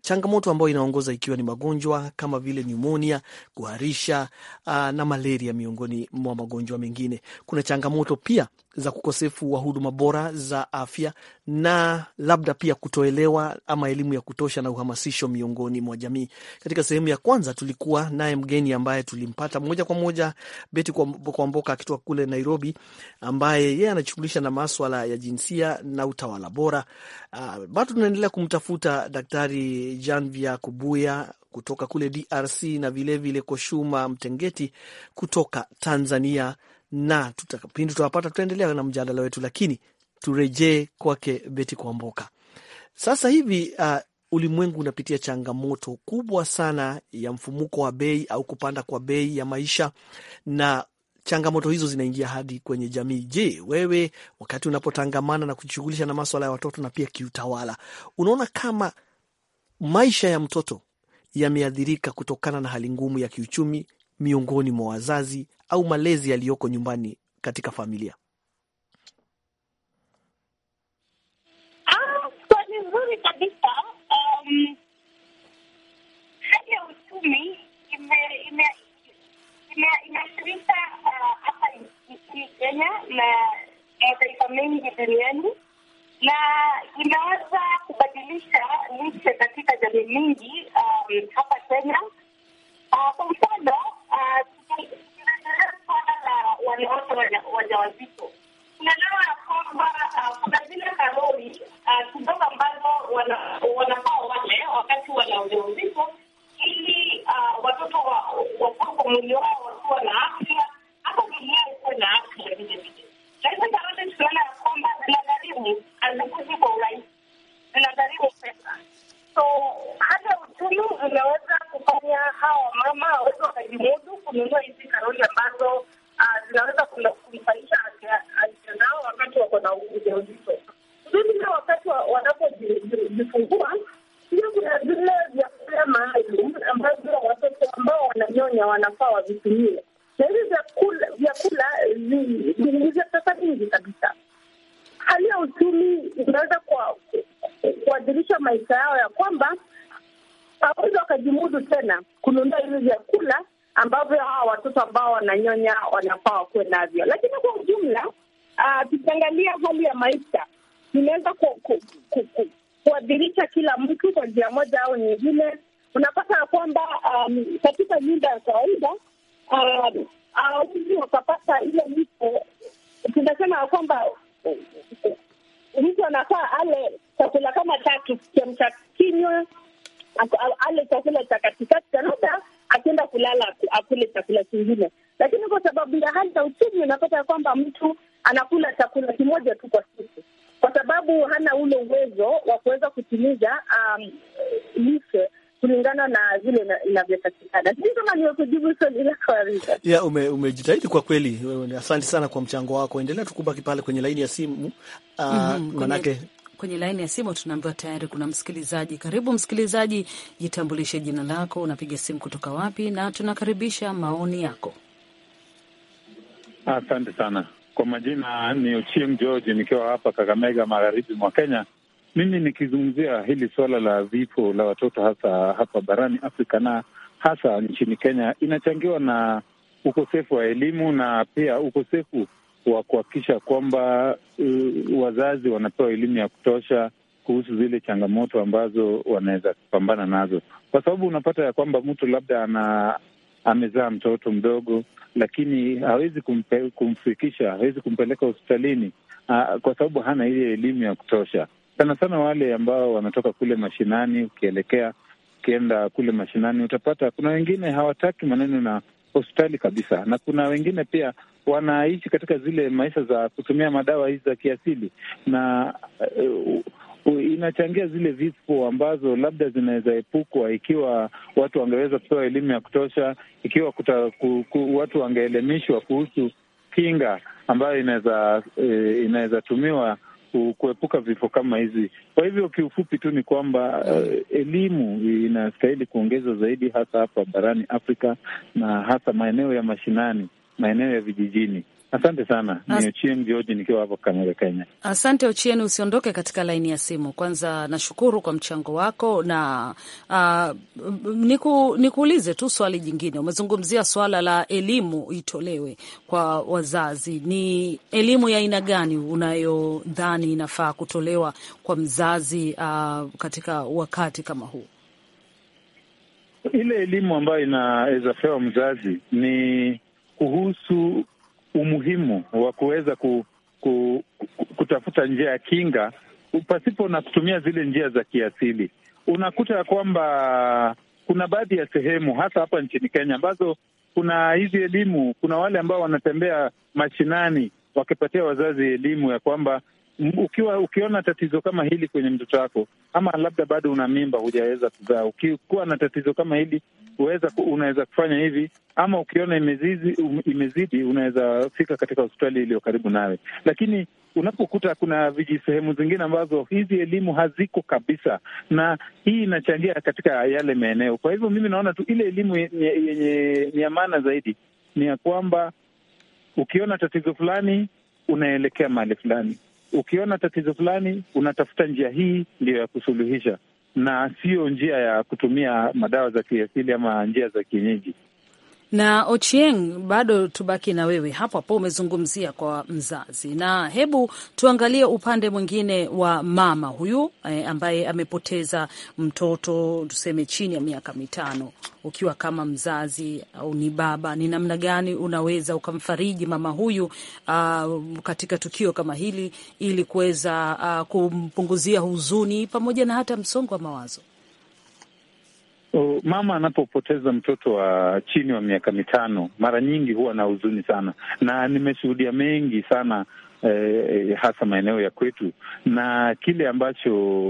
changamoto ambayo inaongoza ikiwa ni magonjwa kama vile nyumonia, kuharisha na malaria, miongoni mwa magonjwa mengine. Kuna changamoto pia za ukosefu wa huduma bora za afya na labda pia kutoelewa ama elimu ya kutosha na uhamasisho miongoni mwa jamii. Katika sehemu ya kwanza tulikuwa naye mgeni ambaye tulimpata moja kwa moja Beti kwa Mboka akitoka kule Nairobi, ambaye yeye anajishughulisha na maswala ya jinsia na utawala bora. Uh, bado tunaendelea kumtafuta Daktari Janvia Kubuya kutoka kule DRC na vilevile Koshuma Mtengeti kutoka Tanzania na pindi tutawapata tutaendelea na mjadala wetu, lakini turejee kwake Beti Kuamboka. Sasa hivi uh, ulimwengu unapitia changamoto kubwa sana ya mfumuko wa bei au kupanda kwa bei ya maisha, na changamoto hizo zinaingia hadi kwenye jamii. Je, wewe wakati unapotangamana na kujishughulisha na maswala ya watoto na pia kiutawala, unaona kama maisha ya mtoto yameathirika kutokana na hali ngumu ya kiuchumi miongoni mwa wazazi au malezi yaliyoko nyumbani katika familia? Ah, swali nzuri kabisa. Um, hali ya uchumi imeathirika uh, hapa nchini Kenya na mataifa mengi duniani na inaweza kubadilisha lishe katika jamii nyingi um, hapa Kenya Ah, kwa mfano swala ah, la wanawake wajawazito, tunaelewa ya kwamba ah, kuna zile kalori kidogo ambazo wanafaa wale wakati wana ujauzito, ili watoto wakuwe kwa mwili wao wakiwa na afya, hata miili ikuwe na afya vile vile. Na hizi tunaona ya kwamba zinagharimu, hazikuji kwa urahisi, zinagharimu pesa, so hata uchumi unaweza Wakenya hawa wamama waweze wakajimudu kununua hizi karoli ambazo ah, zinaweza kumfanyisha afya zao wakati wako na ujauzito. Vilevile wakati wanapojifungua, pia kuna vile vyakula maalum ambavyo watoto ambao wananyonya wanafaa wavitumie, na hivi vyakula vinaingiza pesa nyingi kabisa. Hali ya uchumi inaweza kuadhirisha maisha yao ya watajimudu tena kununua hivi vyakula ambavyo hawa watoto ambao wananyonya wanafaa wakuwe navyo. Lakini kwa ujumla, uh, tukiangalia hali ya maisha inaweza kuadhirisha kila mtu kwa njia moja au nyingine. Unapata ya kwamba um, katika nyumba ya kawaida um, wakapata ah, ile mtu tunasema ya kwamba mtu anafaa ale chakula kama tatu: kiamsha kinywa, ale chakula cha katikati cha labda akienda kulala akule chakula kingine, lakini kwa sababu ya hali ya uchumi unapata ya kwamba mtu anakula chakula kimoja tu kwa siku, kwa sababu hana ule uwezo wa kuweza kutimiza um, lishe kulingana na vile inavyotakikana. Sijui kama niwekujibu swali lako Arisa. Yeah, ume, umejitahidi kwa kweli. Asante sana kwa mchango wako, endelea tukubaki pale kwenye laini ya simu. Uh, mm -hmm, manake Kwenye laini ya simu tunaambiwa tayari kuna msikilizaji. Karibu msikilizaji, jitambulishe jina lako, unapiga simu kutoka wapi, na tunakaribisha maoni yako. Asante sana kwa majina. Ni Ochieng George nikiwa hapa Kakamega, magharibi mwa Kenya. Mimi nikizungumzia hili suala la vifo la watoto hasa hapa barani Afrika na hasa nchini Kenya, inachangiwa na ukosefu wa elimu na pia ukosefu wa kuhakikisha kwamba uh, wazazi wanapewa elimu ya kutosha kuhusu zile changamoto ambazo wanaweza kupambana nazo, kwa sababu unapata ya kwamba mtu labda ana amezaa mtoto mdogo, lakini hawezi kumpe, kumfikisha hawezi kumpeleka hospitalini uh, kwa sababu hana ile elimu ya kutosha. Sana sana wale ambao wanatoka kule mashinani, ukielekea ukienda kule mashinani utapata kuna wengine hawataki maneno na hospitali kabisa, na kuna wengine pia wanaishi katika zile maisha za kutumia madawa hizi za kiasili, na uh, uh, inachangia zile vifo ambazo labda zinaweza epukwa ikiwa watu wangeweza kupewa elimu ya kutosha, ikiwa kuta, ku, ku, watu wangeelimishwa kuhusu kinga ambayo inaweza uh, inaweza tumiwa kuepuka vifo kama hizi. Kwa hivyo kiufupi tu ni kwamba uh, elimu inastahili kuongezwa zaidi, hasa hapa barani Afrika na hasa maeneo ya mashinani, maeneo ya vijijini, Asante sana As... ni Ochieng George nikiwa hapo Kakamega, Kenya. Asante Ochieng, usiondoke katika laini ya simu. Kwanza nashukuru kwa mchango wako na uh, niku, nikuulize tu swali jingine. Umezungumzia swala la elimu itolewe kwa wazazi. Ni elimu ya aina gani unayodhani inafaa kutolewa kwa mzazi uh, katika wakati kama huu? Ile elimu ambayo inaweza pewa mzazi ni kuhusu umuhimu wa kuweza ku, ku, kutafuta njia ya kinga pasipo na kutumia zile njia za kiasili. Unakuta ya kwamba kuna baadhi ya sehemu hasa hapa nchini Kenya ambazo kuna hizi elimu, kuna wale ambao wanatembea mashinani wakipatia wazazi elimu ya kwamba ukiwa ukiona tatizo kama hili kwenye mtoto wako, ama labda bado una mimba hujaweza kuzaa, ukikuwa na tatizo kama hili uweza, unaweza kufanya hivi, ama ukiona imezizi, um, imezidi unaweza fika katika hospitali iliyo karibu nawe. Lakini unapokuta kuna viji sehemu zingine ambazo hizi elimu haziko kabisa, na hii inachangia katika yale maeneo. Kwa hivyo mimi naona tu ile elimu yenye ni ya maana zaidi ni ya kwamba ukiona tatizo fulani unaelekea mahali fulani, ukiona tatizo fulani unatafuta njia hii ndiyo ya kusuluhisha na siyo njia ya kutumia madawa za kiasili ama njia za kienyeji. Na Ochieng, bado tubaki na wewe hapo hapo, umezungumzia kwa mzazi, na hebu tuangalie upande mwingine wa mama huyu eh, ambaye amepoteza mtoto tuseme chini ya miaka mitano. Ukiwa kama mzazi au ni baba, ni namna gani unaweza ukamfariji mama huyu uh, katika tukio kama hili ili kuweza uh, kumpunguzia huzuni pamoja na hata msongo wa mawazo? mama anapopoteza mtoto wa chini wa miaka mitano mara nyingi huwa na huzuni sana, na nimeshuhudia mengi sana eh, hasa maeneo ya kwetu, na kile ambacho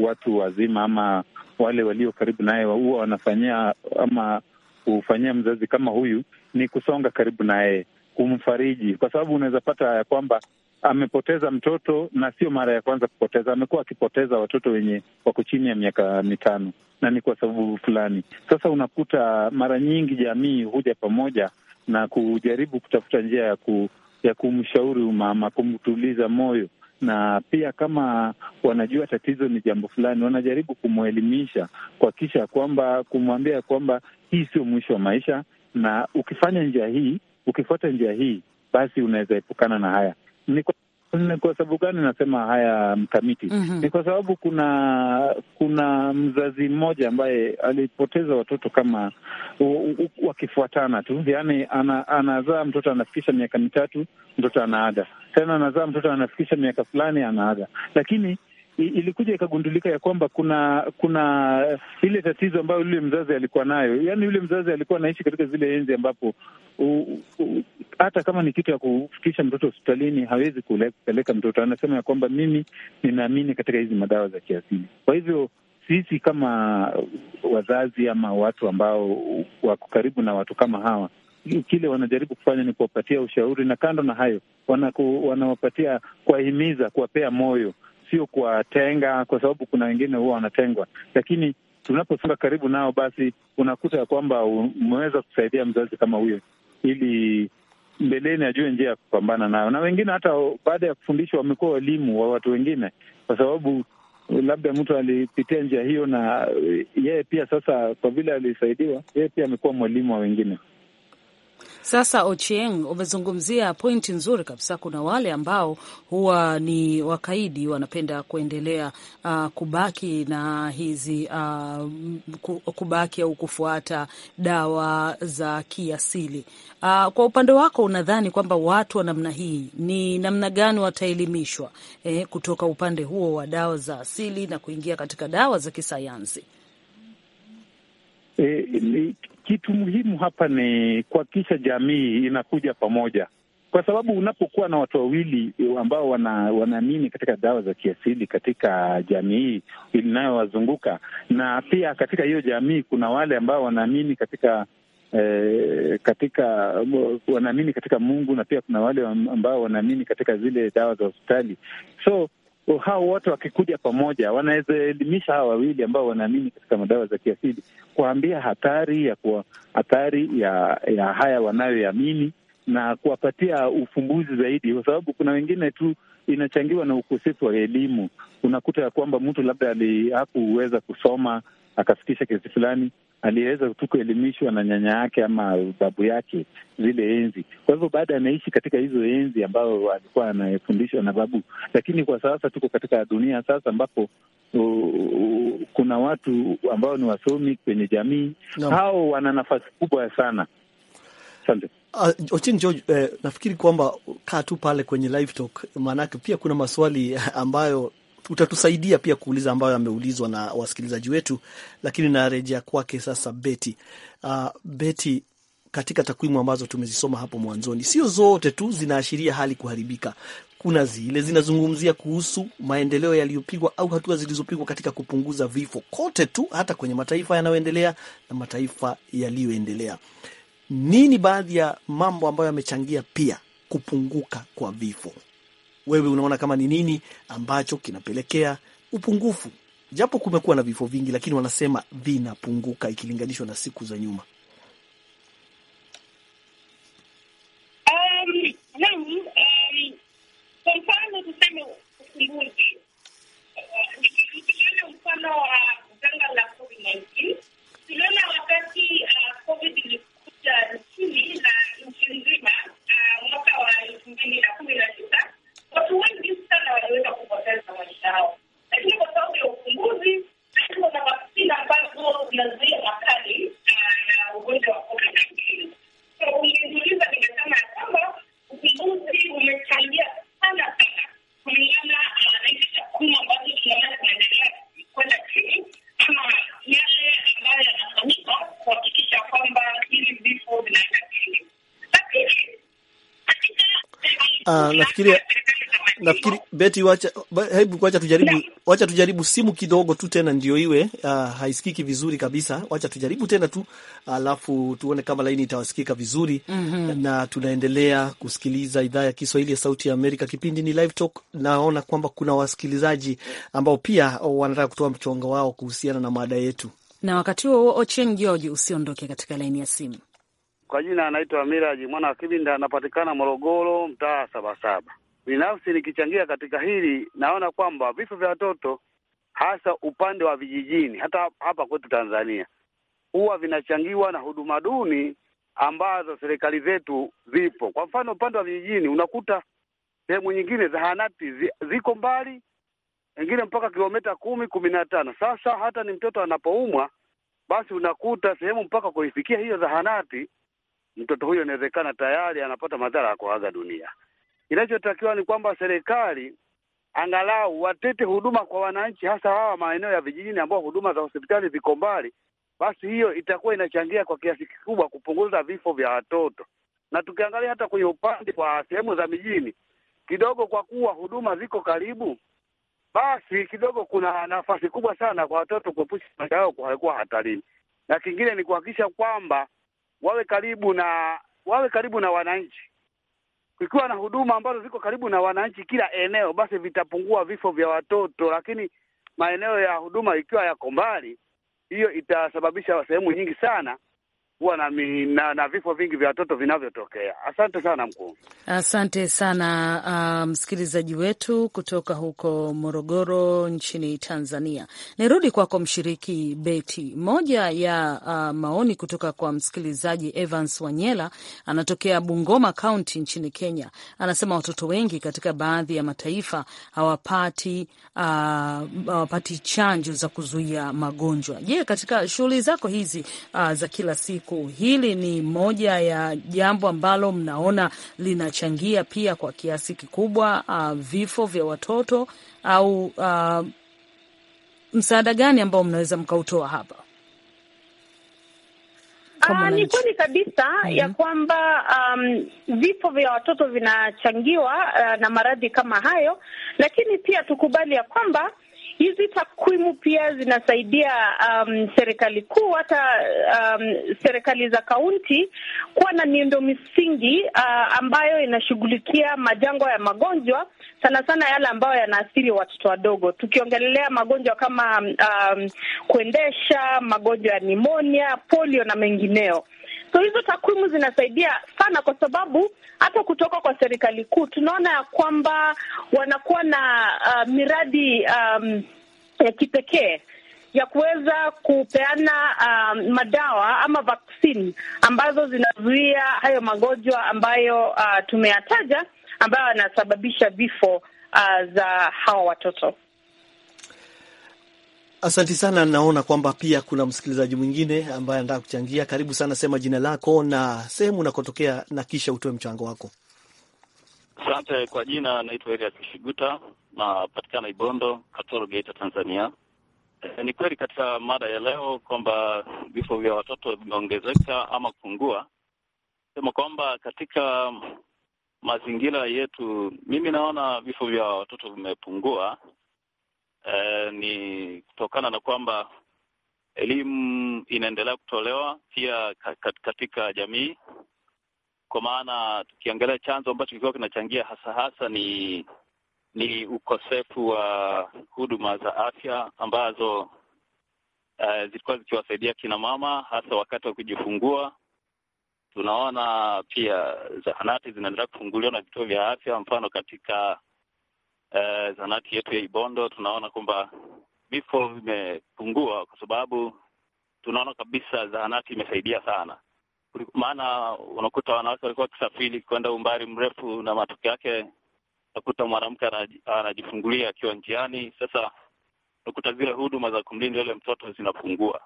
watu wazima ama wale walio karibu naye huwa wanafanyia ama hufanyia mzazi kama huyu ni kusonga karibu naye kumfariji, kwa sababu unaweza pata ya kwamba amepoteza mtoto na sio mara ya kwanza kupoteza, amekuwa akipoteza watoto wenye wako chini ya miaka mitano na ni kwa sababu fulani. Sasa unakuta mara nyingi jamii huja pamoja na kujaribu kutafuta njia ya ku, ya kumshauri mama, kumtuliza moyo, na pia kama wanajua tatizo ni jambo fulani, wanajaribu kumwelimisha, kuhakikisha kwamba kumwambia kwamba hii sio mwisho wa maisha, na ukifanya njia hii, ukifuata njia hii, basi unaweza epukana na haya ni kwa ni kwa sababu gani nasema haya mkamiti? mm -hmm. Ni kwa sababu kuna kuna mzazi mmoja ambaye alipoteza watoto kama wakifuatana tu, yaani ana, anazaa mtoto anafikisha miaka mitatu, mtoto anaaga, tena anazaa mtoto anafikisha miaka fulani, anaaga, lakini ilikuja ikagundulika ya kwamba kuna kuna ile tatizo ambayo yule mzazi alikuwa nayo, yaani yule mzazi alikuwa anaishi katika zile enzi ambapo hata kama ni kitu ya kufikisha mtoto hospitalini hawezi kupeleka mtoto. Anasema ya kwamba mimi ninaamini katika hizi madawa za kiasili. Kwa hivyo sisi kama wazazi ama watu ambao wako karibu na watu kama hawa kile wanajaribu kufanya ni kuwapatia ushauri, na kando na hayo wanaku, wanawapatia kuwahimiza, kuwapea moyo sio kuwatenga, kwa sababu kuna wengine huwa wanatengwa, lakini tunaposonga karibu nao, basi unakuta ya kwamba umeweza kusaidia mzazi kama huyo, ili mbeleni ajue njia ya kupambana nayo. Na wengine hata baada ya kufundishwa wamekuwa walimu wa watu wengine, kwa sababu labda mtu alipitia njia hiyo, na eh, yeye pia sasa, kwa vile alisaidiwa, yeye pia amekuwa mwalimu wa wengine. Sasa Ochieng, umezungumzia pointi nzuri kabisa. Kuna wale ambao huwa ni wakaidi, wanapenda kuendelea uh, kubaki na hizi uh, kubaki au kufuata dawa za kiasili. Uh, kwa upande wako unadhani kwamba watu wa namna hii ni namna gani wataelimishwa eh, kutoka upande huo wa dawa za asili na kuingia katika dawa za kisayansi? E, kitu muhimu hapa ni kuhakikisha jamii inakuja pamoja, kwa sababu unapokuwa na watu wawili e, ambao wana wanaamini katika dawa za kiasili katika jamii inayowazunguka na pia katika hiyo jamii kuna wale ambao wanaamini katika E, katika wanaamini katika Mungu na pia kuna wale ambao wanaamini katika zile dawa za hospitali. So hao wote wakikuja pamoja wanaweza elimisha hawa wawili ambao wanaamini katika madawa za kiasili, kuwaambia hatari ya kuwa, hatari ya ya haya wanayoamini na kuwapatia ufumbuzi zaidi, kwa sababu kuna wengine tu inachangiwa na ukosefu wa elimu. Unakuta ya kwamba mtu labda hakuweza kusoma akafikisha kesi fulani, aliweza tu kuelimishwa na nyanya yake ama babu yake zile enzi. Kwa hivyo baada anaishi katika hizo enzi ambayo alikuwa anafundishwa na babu, lakini kwa sasa tuko katika dunia sasa ambapo kuna watu ambao ni wasomi kwenye jamii no. Hao wana nafasi kubwa sana. Asante. Uh, George, eh, nafikiri kwamba kaa tu pale kwenye live talk, maanake pia kuna maswali ambayo utatusaidia pia kuuliza ambayo yameulizwa na wasikilizaji wetu, lakini narejea kwake sasa Beti. Uh, ah, Beti, katika takwimu ambazo tumezisoma hapo mwanzoni, sio zote tu zinaashiria hali kuharibika. Kuna zile zinazungumzia kuhusu maendeleo yaliyopigwa au hatua zilizopigwa katika kupunguza vifo kote tu, hata kwenye mataifa yanayoendelea na mataifa yaliyoendelea. Nini baadhi ya mambo ambayo yamechangia pia kupunguka kwa vifo? wewe unaona kama ni nini ambacho kinapelekea upungufu? Japo kumekuwa na vifo vingi, lakini wanasema vinapunguka ikilinganishwa na siku za nyuma. Um, um, uh, tuliona wakati nafikiri Beti, wacha hebu wacha tujaribu, wacha tujaribu simu kidogo tu tena, ndio iwe uh, haisikiki vizuri kabisa. Wacha tujaribu tena tu, alafu tuone kama laini itawasikika vizuri mm -hmm. Na tunaendelea kusikiliza idhaa ya Kiswahili ya Sauti ya Amerika, kipindi ni Live Talk. Naona kwamba kuna wasikilizaji ambao pia wanataka kutoa mchongo wao kuhusiana na mada yetu, na wakati huo Ochieng George, usiondoke katika laini ya simu. Kwa jina anaitwa Miraji mwana wa Kibinda, anapatikana Morogoro, mtaa Sabasaba. Binafsi nikichangia katika hili, naona kwamba vifo vya watoto hasa upande wa vijijini, hata hapa kwetu Tanzania, huwa vinachangiwa na huduma duni ambazo serikali zetu zipo. Kwa mfano, upande wa vijijini unakuta sehemu nyingine zahanati ziko mbali, wengine mpaka kilomita kumi kumi na tano. Sasa hata ni mtoto anapoumwa, basi unakuta sehemu mpaka kuifikia hiyo zahanati, mtoto huyo inawezekana tayari anapata madhara ya kuaga dunia. Kinachotakiwa ni kwamba serikali angalau watete huduma kwa wananchi, hasa hawa maeneo ya vijijini ambao huduma za hospitali ziko mbali. Basi hiyo itakuwa inachangia kwa kiasi kikubwa kupunguza vifo vya watoto. Na tukiangalia hata kwenye upande wa sehemu za mijini kidogo, kwa kuwa huduma ziko karibu, basi kidogo kuna nafasi kubwa sana kwa watoto kuepusha maisha yao kuwa hatarini. Na kingine ni kuhakikisha kwamba wawe karibu na wawe karibu na wananchi kukiwa na huduma ambazo ziko karibu na wananchi kila eneo, basi vitapungua vifo vya watoto, lakini maeneo ya huduma ikiwa yako mbali, hiyo itasababisha sehemu nyingi sana kuwa na, na, na vifo vingi vya watoto vinavyotokea. Asante sana mkuu. Asante sana uh, msikilizaji wetu kutoka huko Morogoro nchini Tanzania. Nirudi kwako mshiriki Beti. Moja ya uh, maoni kutoka kwa msikilizaji Evans Wanyela anatokea Bungoma Kaunti nchini Kenya, anasema watoto wengi katika baadhi ya mataifa hawapati uh, hawapati chanjo za kuzuia magonjwa. Je, katika shughuli zako hizi uh, za kila siku siku, hili ni moja ya jambo ambalo mnaona linachangia pia kwa kiasi kikubwa uh, vifo vya watoto au uh, msaada gani ambao mnaweza mkautoa hapa? Aa, ah, ni kweli kabisa mm -hmm. ya mm-hmm. kwamba um, vifo vya watoto vinachangiwa uh, na maradhi kama hayo, lakini pia tukubali ya kwamba hizi takwimu pia zinasaidia um, serikali kuu hata um, serikali za kaunti kuwa na miundo misingi uh, ambayo inashughulikia majango ya magonjwa sana sana yale ambayo yanaathiri watoto wadogo, tukiongelelea magonjwa kama um, kuendesha, magonjwa ya nimonia, polio na mengineo. So hizo takwimu zinasaidia sana, kwa sababu hata kutoka kwa serikali kuu tunaona ya kwamba wanakuwa na uh, miradi um, ya kipekee ya kuweza kupeana um, madawa ama vaksini ambazo zinazuia hayo magonjwa ambayo uh, tumeyataja ambayo yanasababisha vifo uh, za hawa watoto. Asanti sana. Naona kwamba pia kuna msikilizaji mwingine ambaye anataka kuchangia. Karibu sana, sema jina lako na sehemu unakotokea na kisha utoe mchango wako. Asante kwa jina, naitwa Elias Kishiguta, napatikana Ibondo, Katoro, Geita, Tanzania. E, ni kweli katika mada ya leo kwamba vifo vya watoto vimeongezeka ama kupungua, sema kwamba katika mazingira yetu, mimi naona vifo vya watoto vimepungua eh, ni kutokana na kwamba elimu inaendelea kutolewa pia katika jamii, kwa maana tukiangalia chanzo ambacho kilikuwa kinachangia hasa hasa ni ni ukosefu wa huduma za afya ambazo uh, zilikuwa zikiwasaidia kina mama hasa wakati wa kujifungua. Tunaona pia zahanati zinaendelea kufunguliwa na vituo vya afya, mfano katika Eh, zahanati yetu ya Ibondo tunaona kwamba vifo vimepungua, kwa sababu tunaona kabisa zahanati imesaidia sana, maana unakuta wanawake walikuwa wakisafiri kwenda umbali mrefu, na matokeo yake unakuta mwanamke anajifungulia akiwa njiani. Sasa unakuta zile huduma za kumlinda yule mtoto zinapungua,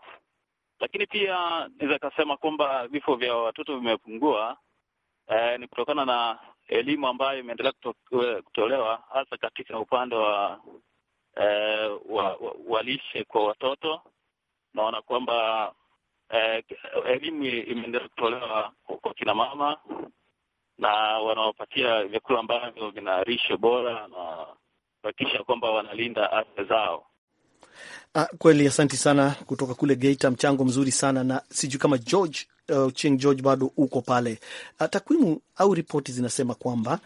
lakini pia naweza kasema kwamba vifo vya watoto vimepungua eh, ni kutokana na elimu ambayo imeendelea kutolewa hasa katika upande wa, eh, wa, wa, wa lishe kwa watoto. Naona kwamba eh, elimu imeendelea kutolewa kwa kina mama na wanawapatia vyakula ambavyo vina lishe bora na kuhakikisha kwamba wanalinda afya zao. Ah, kweli asanti sana kutoka kule Geita, mchango mzuri sana na sijui kama George uh, George bado uko pale. Ah, takwimu au ripoti zinasema kwamba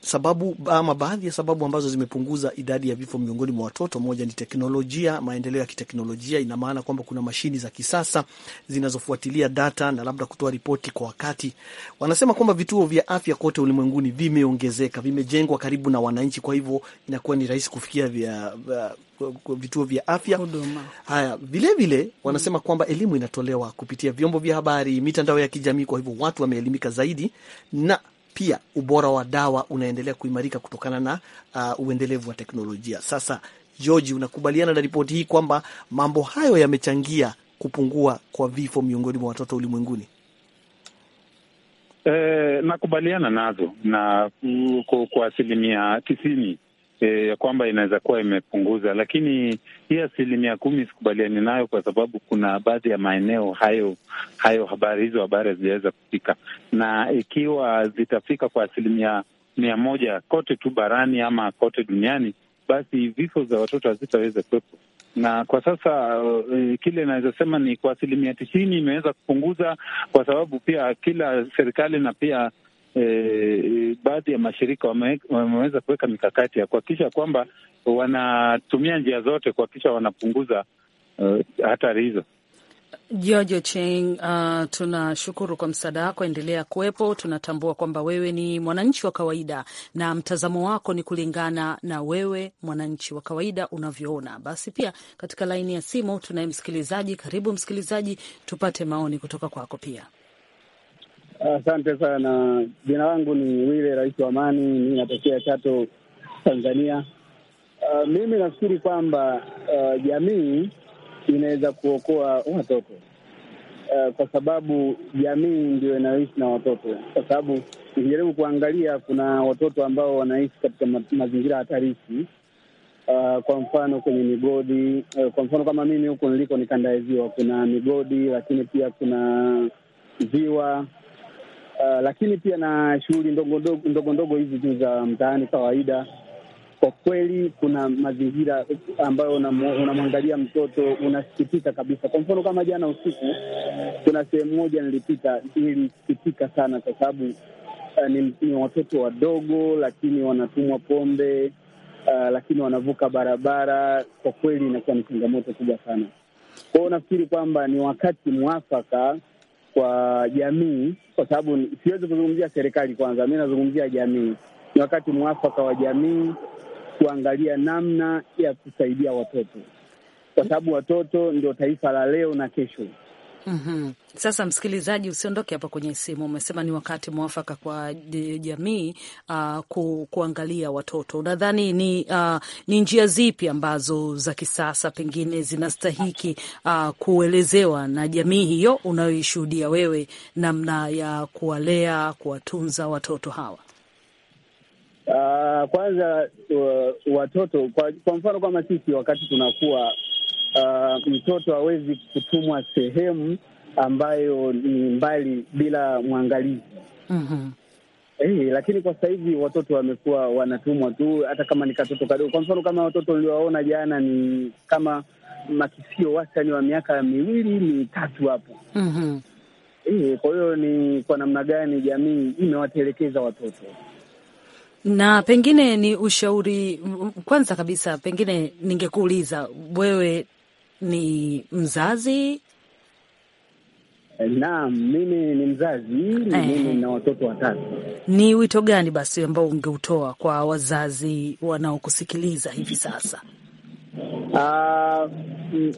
sababu ama baadhi ya sababu ambazo zimepunguza idadi ya vifo miongoni mwa watoto, moja ni teknolojia, maendeleo ya kiteknolojia. Ina maana kwamba kuna mashini za kisasa zinazofuatilia data na labda kutoa ripoti kwa wakati. Wanasema kwamba vituo vya afya kote ulimwenguni vimeongezeka, vimejengwa karibu na wananchi, kwa hivyo inakuwa ni rahisi kufikia vya, vya vituo vya afya huduma. Haya, vilevile wanasema mm, kwamba elimu inatolewa kupitia vyombo vya habari, mitandao ya kijamii, kwa hivyo watu wameelimika zaidi na pia ubora wa dawa unaendelea kuimarika kutokana na uh, uendelevu wa teknolojia. Sasa George, unakubaliana na ripoti hii kwamba mambo hayo yamechangia kupungua kwa vifo miongoni mwa watoto ulimwenguni? Eh, nakubaliana nazo na mm, kwa asilimia tisini Eh, ya kwamba inaweza kuwa imepunguza, lakini hii asilimia kumi sikubaliani nayo, kwa sababu kuna baadhi ya maeneo hayo hayo habari hizo habari hazijaweza kufika, na ikiwa zitafika kwa asilimia mia moja kote tu barani ama kote duniani, basi vifo za watoto hazitaweza kuwepo. Na kwa sasa uh, kile inaweza sema ni kwa asilimia tisini imeweza kupunguza, kwa sababu pia kila serikali na pia E, e, baadhi ya mashirika wameweza kuweka mikakati ya kuhakikisha kwamba wanatumia njia zote kuhakikisha wanapunguza uh, hatari hizo. Jojo Cheng, uh, tunashukuru kwa msaada wako, endelea kuwepo. Tunatambua kwamba wewe ni mwananchi wa kawaida na mtazamo wako ni kulingana na wewe mwananchi wa kawaida unavyoona. Basi pia katika laini ya simu tunaye msikilizaji. Karibu msikilizaji, tupate maoni kutoka kwako pia. Asante sana. Jina langu ni Wile Rais wa Amani, mimi natokea Chato, Tanzania. Uh, mimi nafikiri kwamba uh, jamii inaweza kuokoa watoto uh, kwa sababu jamii ndio inayoishi na watoto, kwa sababu ukijaribu kuangalia kuna watoto ambao wanaishi katika mazingira hatarishi Uh, kwa mfano kwenye migodi uh, kwa mfano kama mimi huku niliko ni kanda ya ziwa, kuna migodi lakini pia kuna ziwa uh, lakini pia na shughuli ndogondogo ndogo ndogo ndogo hizi tu za mtaani kawaida. Kwa kweli kuna mazingira ambayo unamwangalia mtoto unasikitika kabisa. Kwa mfano kama jana usiku, kuna sehemu moja nilipita, nilisikitika sana kwa sababu uh, ni, ni watoto wadogo, lakini wanatumwa pombe uh, lakini wanavuka barabara. Kwa kweli inakuwa ni changamoto kubwa sana kwao. Nafikiri kwamba ni wakati mwafaka kwa jamii, kwa sababu siwezi kuzungumzia serikali kwanza, mi nazungumzia jamii. Ni wakati mwafaka wa jamii kuangalia namna ya kusaidia watoto, kwa sababu watoto ndio taifa la leo na kesho. Mm -hmm. Sasa msikilizaji, usiondoke hapa kwenye simu. Umesema ni wakati mwafaka kwa jamii uh, ku, kuangalia watoto. Unadhani ni, uh, ni njia zipi ambazo za kisasa pengine zinastahiki uh, kuelezewa na jamii hiyo unayoishuhudia wewe, namna ya kuwalea, kuwatunza watoto hawa? Uh, kwanza uh, watoto kwa, kwa mfano kama sisi wakati tunakuwa uh, mtoto hawezi kutumwa sehemu ambayo ni mbali bila mwangalizi. mm-hmm. Hey, eh, lakini kwa sasa hivi watoto wamekuwa wanatumwa tu, hata kama ni katoto kadogo. Kwa mfano kama watoto niliowaona jana ni kama makisio wastani wa miaka miwili mitatu hapo. mm-hmm. Hey, eh, kwa hiyo ni kwa namna gani jamii imewatelekeza watoto na pengine ni ushauri. Kwanza kabisa, pengine ningekuuliza wewe, ni mzazi? Eh, naam, mimi ni mzazi, eh. mimi na watoto watatu. Ni wito gani basi ambao ungeutoa kwa wazazi wanaokusikiliza hivi sasa? Uh,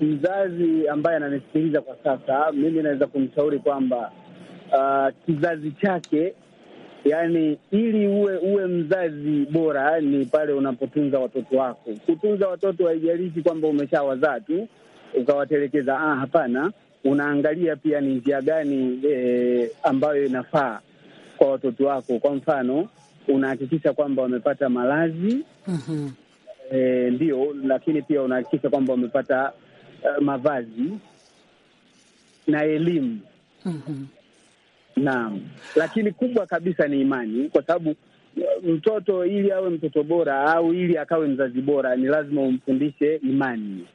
mzazi ambaye ananisikiliza kwa sasa, mimi naweza kumshauri kwamba uh, kizazi chake, yani ili uwe uwe mzazi bora ni pale unapotunza watoto wako. Kutunza watoto haijalishi kwamba umeshawazaa tu ukawatelekeza. Ah, hapana, unaangalia pia ni njia gani e, ambayo inafaa kwa watoto wako. Kwa mfano, unahakikisha kwamba wamepata malazi mm-hmm. E, ndio, lakini pia unahakikisha kwamba wamepata uh, mavazi na elimu mm-hmm. Naam, lakini kubwa kabisa ni imani, kwa sababu mtoto ili awe mtoto bora au ili akawe mzazi bora ni lazima umfundishe imani.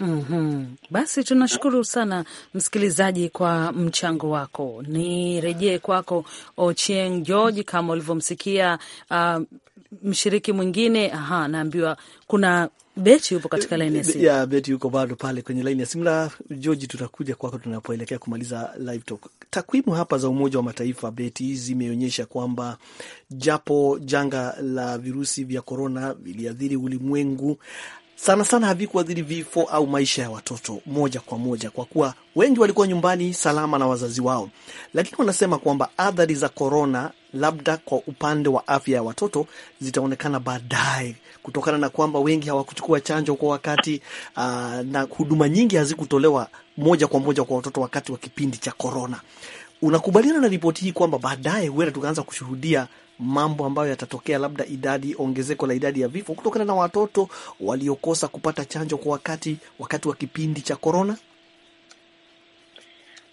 Mm -hmm. Basi tunashukuru sana msikilizaji kwa mchango wako. Nirejee kwako Ochieng George, kama ulivyomsikia uh, mshiriki mwingine. Aha, naambiwa kuna Beti yupo katika eh, laini ya simu. Yeah, Beti yuko bado pale kwenye laini ya simu. La George, tutakuja kwako tunapoelekea kumaliza live talk. Takwimu hapa za Umoja wa Mataifa Beti zimeonyesha kwamba japo janga la virusi vya korona viliathiri ulimwengu, sana sana havikuadhiri vifo au maisha ya watoto moja kwa moja, kwa kuwa wengi walikuwa nyumbani salama na wazazi wao, lakini wanasema kwamba athari za korona, labda kwa upande wa afya ya watoto, zitaonekana baadaye kutokana na kwamba wengi hawakuchukua chanjo kwa wakati uh, na huduma nyingi hazikutolewa moja kwa moja kwa watoto wakati wa kipindi cha korona. Unakubaliana na ripoti hii kwamba baadaye huenda tukaanza kushuhudia mambo ambayo yatatokea, labda idadi ongezeko la idadi ya vifo kutokana na watoto waliokosa kupata chanjo kwa wakati wakati wa kipindi cha korona?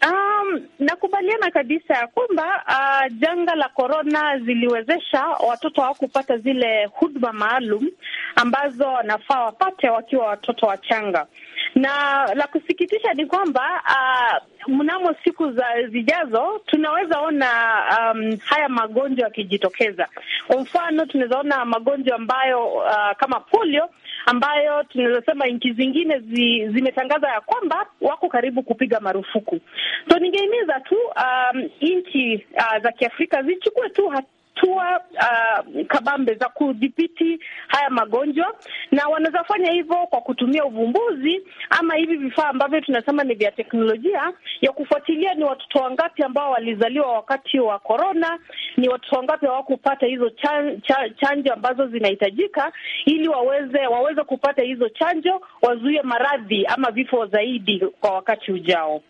Um, nakubaliana kabisa ya kwamba uh, janga la korona ziliwezesha watoto hawakupata zile huduma maalum ambazo wanafaa wapate wakiwa watoto wachanga na la kusikitisha ni kwamba uh, mnamo siku za zijazo tunaweza ona um, haya magonjwa yakijitokeza. Kwa mfano tunaweza ona magonjwa ambayo uh, kama polio ambayo tunaweza sema nchi zingine zi, zimetangaza ya kwamba wako karibu kupiga marufuku. So ningehimiza tu um, nchi uh, za Kiafrika zichukue tu hatua uh, kabambe za kudhibiti haya magonjwa, na wanaweza fanya hivyo kwa kutumia uvumbuzi ama hivi vifaa ambavyo tunasema ni vya teknolojia ya kufuatilia ni watoto wangapi ambao walizaliwa wakati wa korona, ni watoto wangapi hawakupata hizo chan, chan, chanjo ambazo zinahitajika, ili waweze waweze kupata hizo chanjo, wazuie maradhi ama vifo zaidi kwa wakati ujao.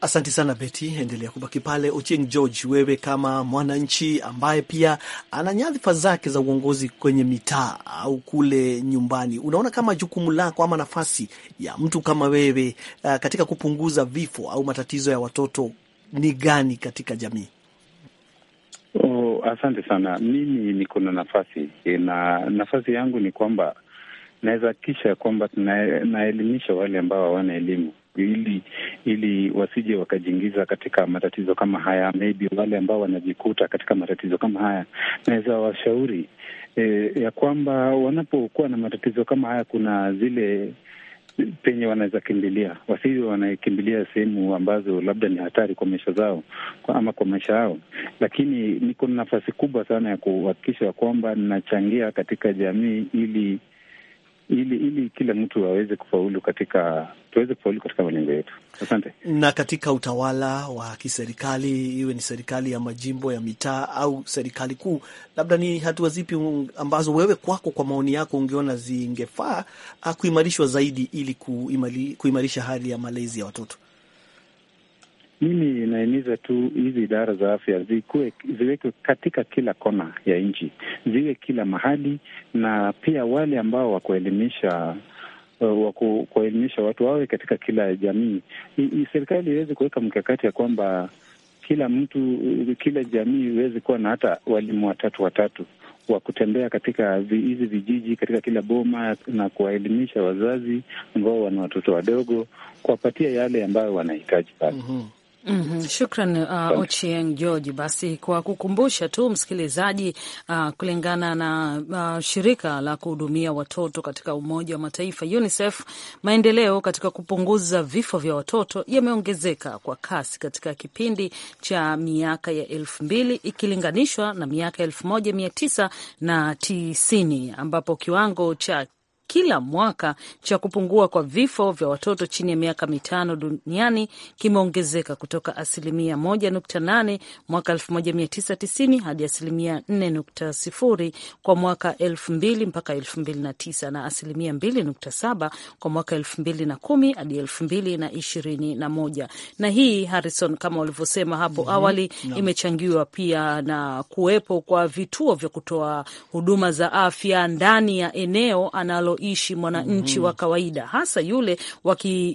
Asante sana Beti, endelea kubaki pale. Ochieng George, wewe kama mwananchi ambaye pia ana nyadhifa zake za uongozi kwenye mitaa au kule nyumbani, unaona kama jukumu lako ama nafasi ya mtu kama wewe uh, katika kupunguza vifo au matatizo ya watoto ni gani katika jamii? Oh, asante sana. Mimi niko na nafasi na nafasi yangu ni kwamba naweza hakikisha kwamba naelimisha wale ambao hawana elimu ili ili wasije wakajiingiza katika matatizo kama haya. Maybe wale ambao wanajikuta katika matatizo kama haya, naweza washauri e, ya kwamba wanapokuwa na matatizo kama haya, kuna zile penye wanaweza kimbilia, wasiwe wanakimbilia sehemu ambazo labda ni hatari kwa maisha zao kwa ama kwa maisha yao. Lakini niko na nafasi kubwa sana ya kuhakikisha kwamba ninachangia katika jamii ili ili ili kila mtu aweze kufaulu katika tuweze kufaulu katika malengo yetu. Asante. Na katika utawala wa kiserikali, iwe ni serikali ya majimbo ya mitaa au serikali kuu, labda ni hatua zipi ambazo wewe kwako, kwa maoni yako, ungeona zingefaa ah, kuimarishwa zaidi ili kuimali, kuimarisha hali ya malezi ya watoto? Mimi inahimiza tu hizi idara za afya zikuwe, ziwekwe katika kila kona ya nchi, ziwe kila mahali, na pia wale ambao wakuelimisha uh, wakuelimisha watu wawe katika kila jamii. Serikali iweze kuweka mkakati ya kwamba kila mtu, kila jamii iweze kuwa na hata walimu watatu watatu wa kutembea katika hizi vijiji, katika kila boma na kuwaelimisha wazazi ambao wana watoto wadogo, kuwapatia yale ambayo wanahitaji pale. mm -hmm. Mm -hmm. Shukran uh, Ochieng George, basi kwa kukumbusha tu msikilizaji uh, kulingana na uh, shirika la kuhudumia watoto katika Umoja wa Mataifa UNICEF, maendeleo katika kupunguza vifo vya watoto yameongezeka kwa kasi katika kipindi cha miaka ya elfu mbili ikilinganishwa na miaka elfu moja mia tisa na tisini ambapo kiwango cha kila mwaka cha kupungua kwa vifo vya watoto chini ya miaka mitano duniani kimeongezeka kutoka asilimia 1.8 mwaka 1990 hadi asilimia 4.0 kwa mwaka 2000 mpaka 2009 na asilimia 2.7 kwa mwaka 2010 hadi 2021. Na, na hii Harrison, kama ulivyosema hapo mm -hmm. awali, no. imechangiwa pia na kuwepo kwa vituo vya kutoa huduma za afya ndani ya eneo analo analoishi mwananchi mm -hmm. wa kawaida, hasa yule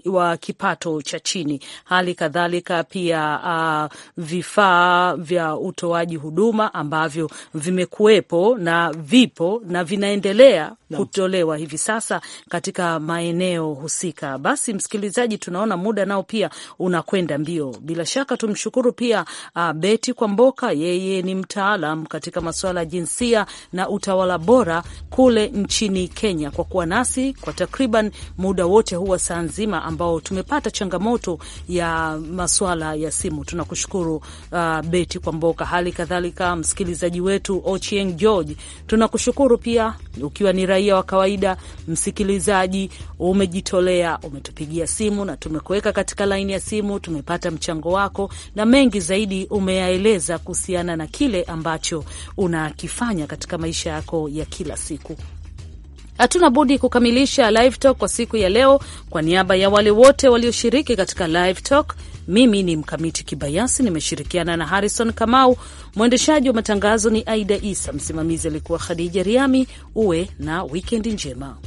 wa kipato cha chini. Hali kadhalika pia uh, vifaa vya utoaji huduma ambavyo vimekuwepo na vipo na vinaendelea kutolewa hivi sasa katika maeneo husika. Basi msikilizaji, tunaona muda nao pia unakwenda mbio. Bila shaka tumshukuru pia uh, Beti kwa Mboka, yeye ni mtaalam katika masuala ya jinsia na utawala bora kule nchini Kenya kwa kuwa nasi kwa takriban muda wote huwa saa nzima, ambao tumepata changamoto ya maswala ya simu. Tunakushukuru uh, Beti kwa Mboka, hali kadhalika msikilizaji wetu Ochieng George, tunakushukuru pia ukiwa ni raia wa kawaida msikilizaji, umejitolea umetupigia simu na tumekuweka katika laini ya simu, tumepata mchango wako na mengi zaidi umeyaeleza kuhusiana na kile ambacho unakifanya katika maisha yako ya kila siku. Hatuna budi kukamilisha live talk kwa siku ya leo. Kwa niaba ya wale wote walioshiriki katika live talk, mimi ni Mkamiti Kibayasi, nimeshirikiana na Harrison Kamau. Mwendeshaji wa matangazo ni Aida Isa, msimamizi alikuwa Khadija Riami. Uwe na wikendi njema.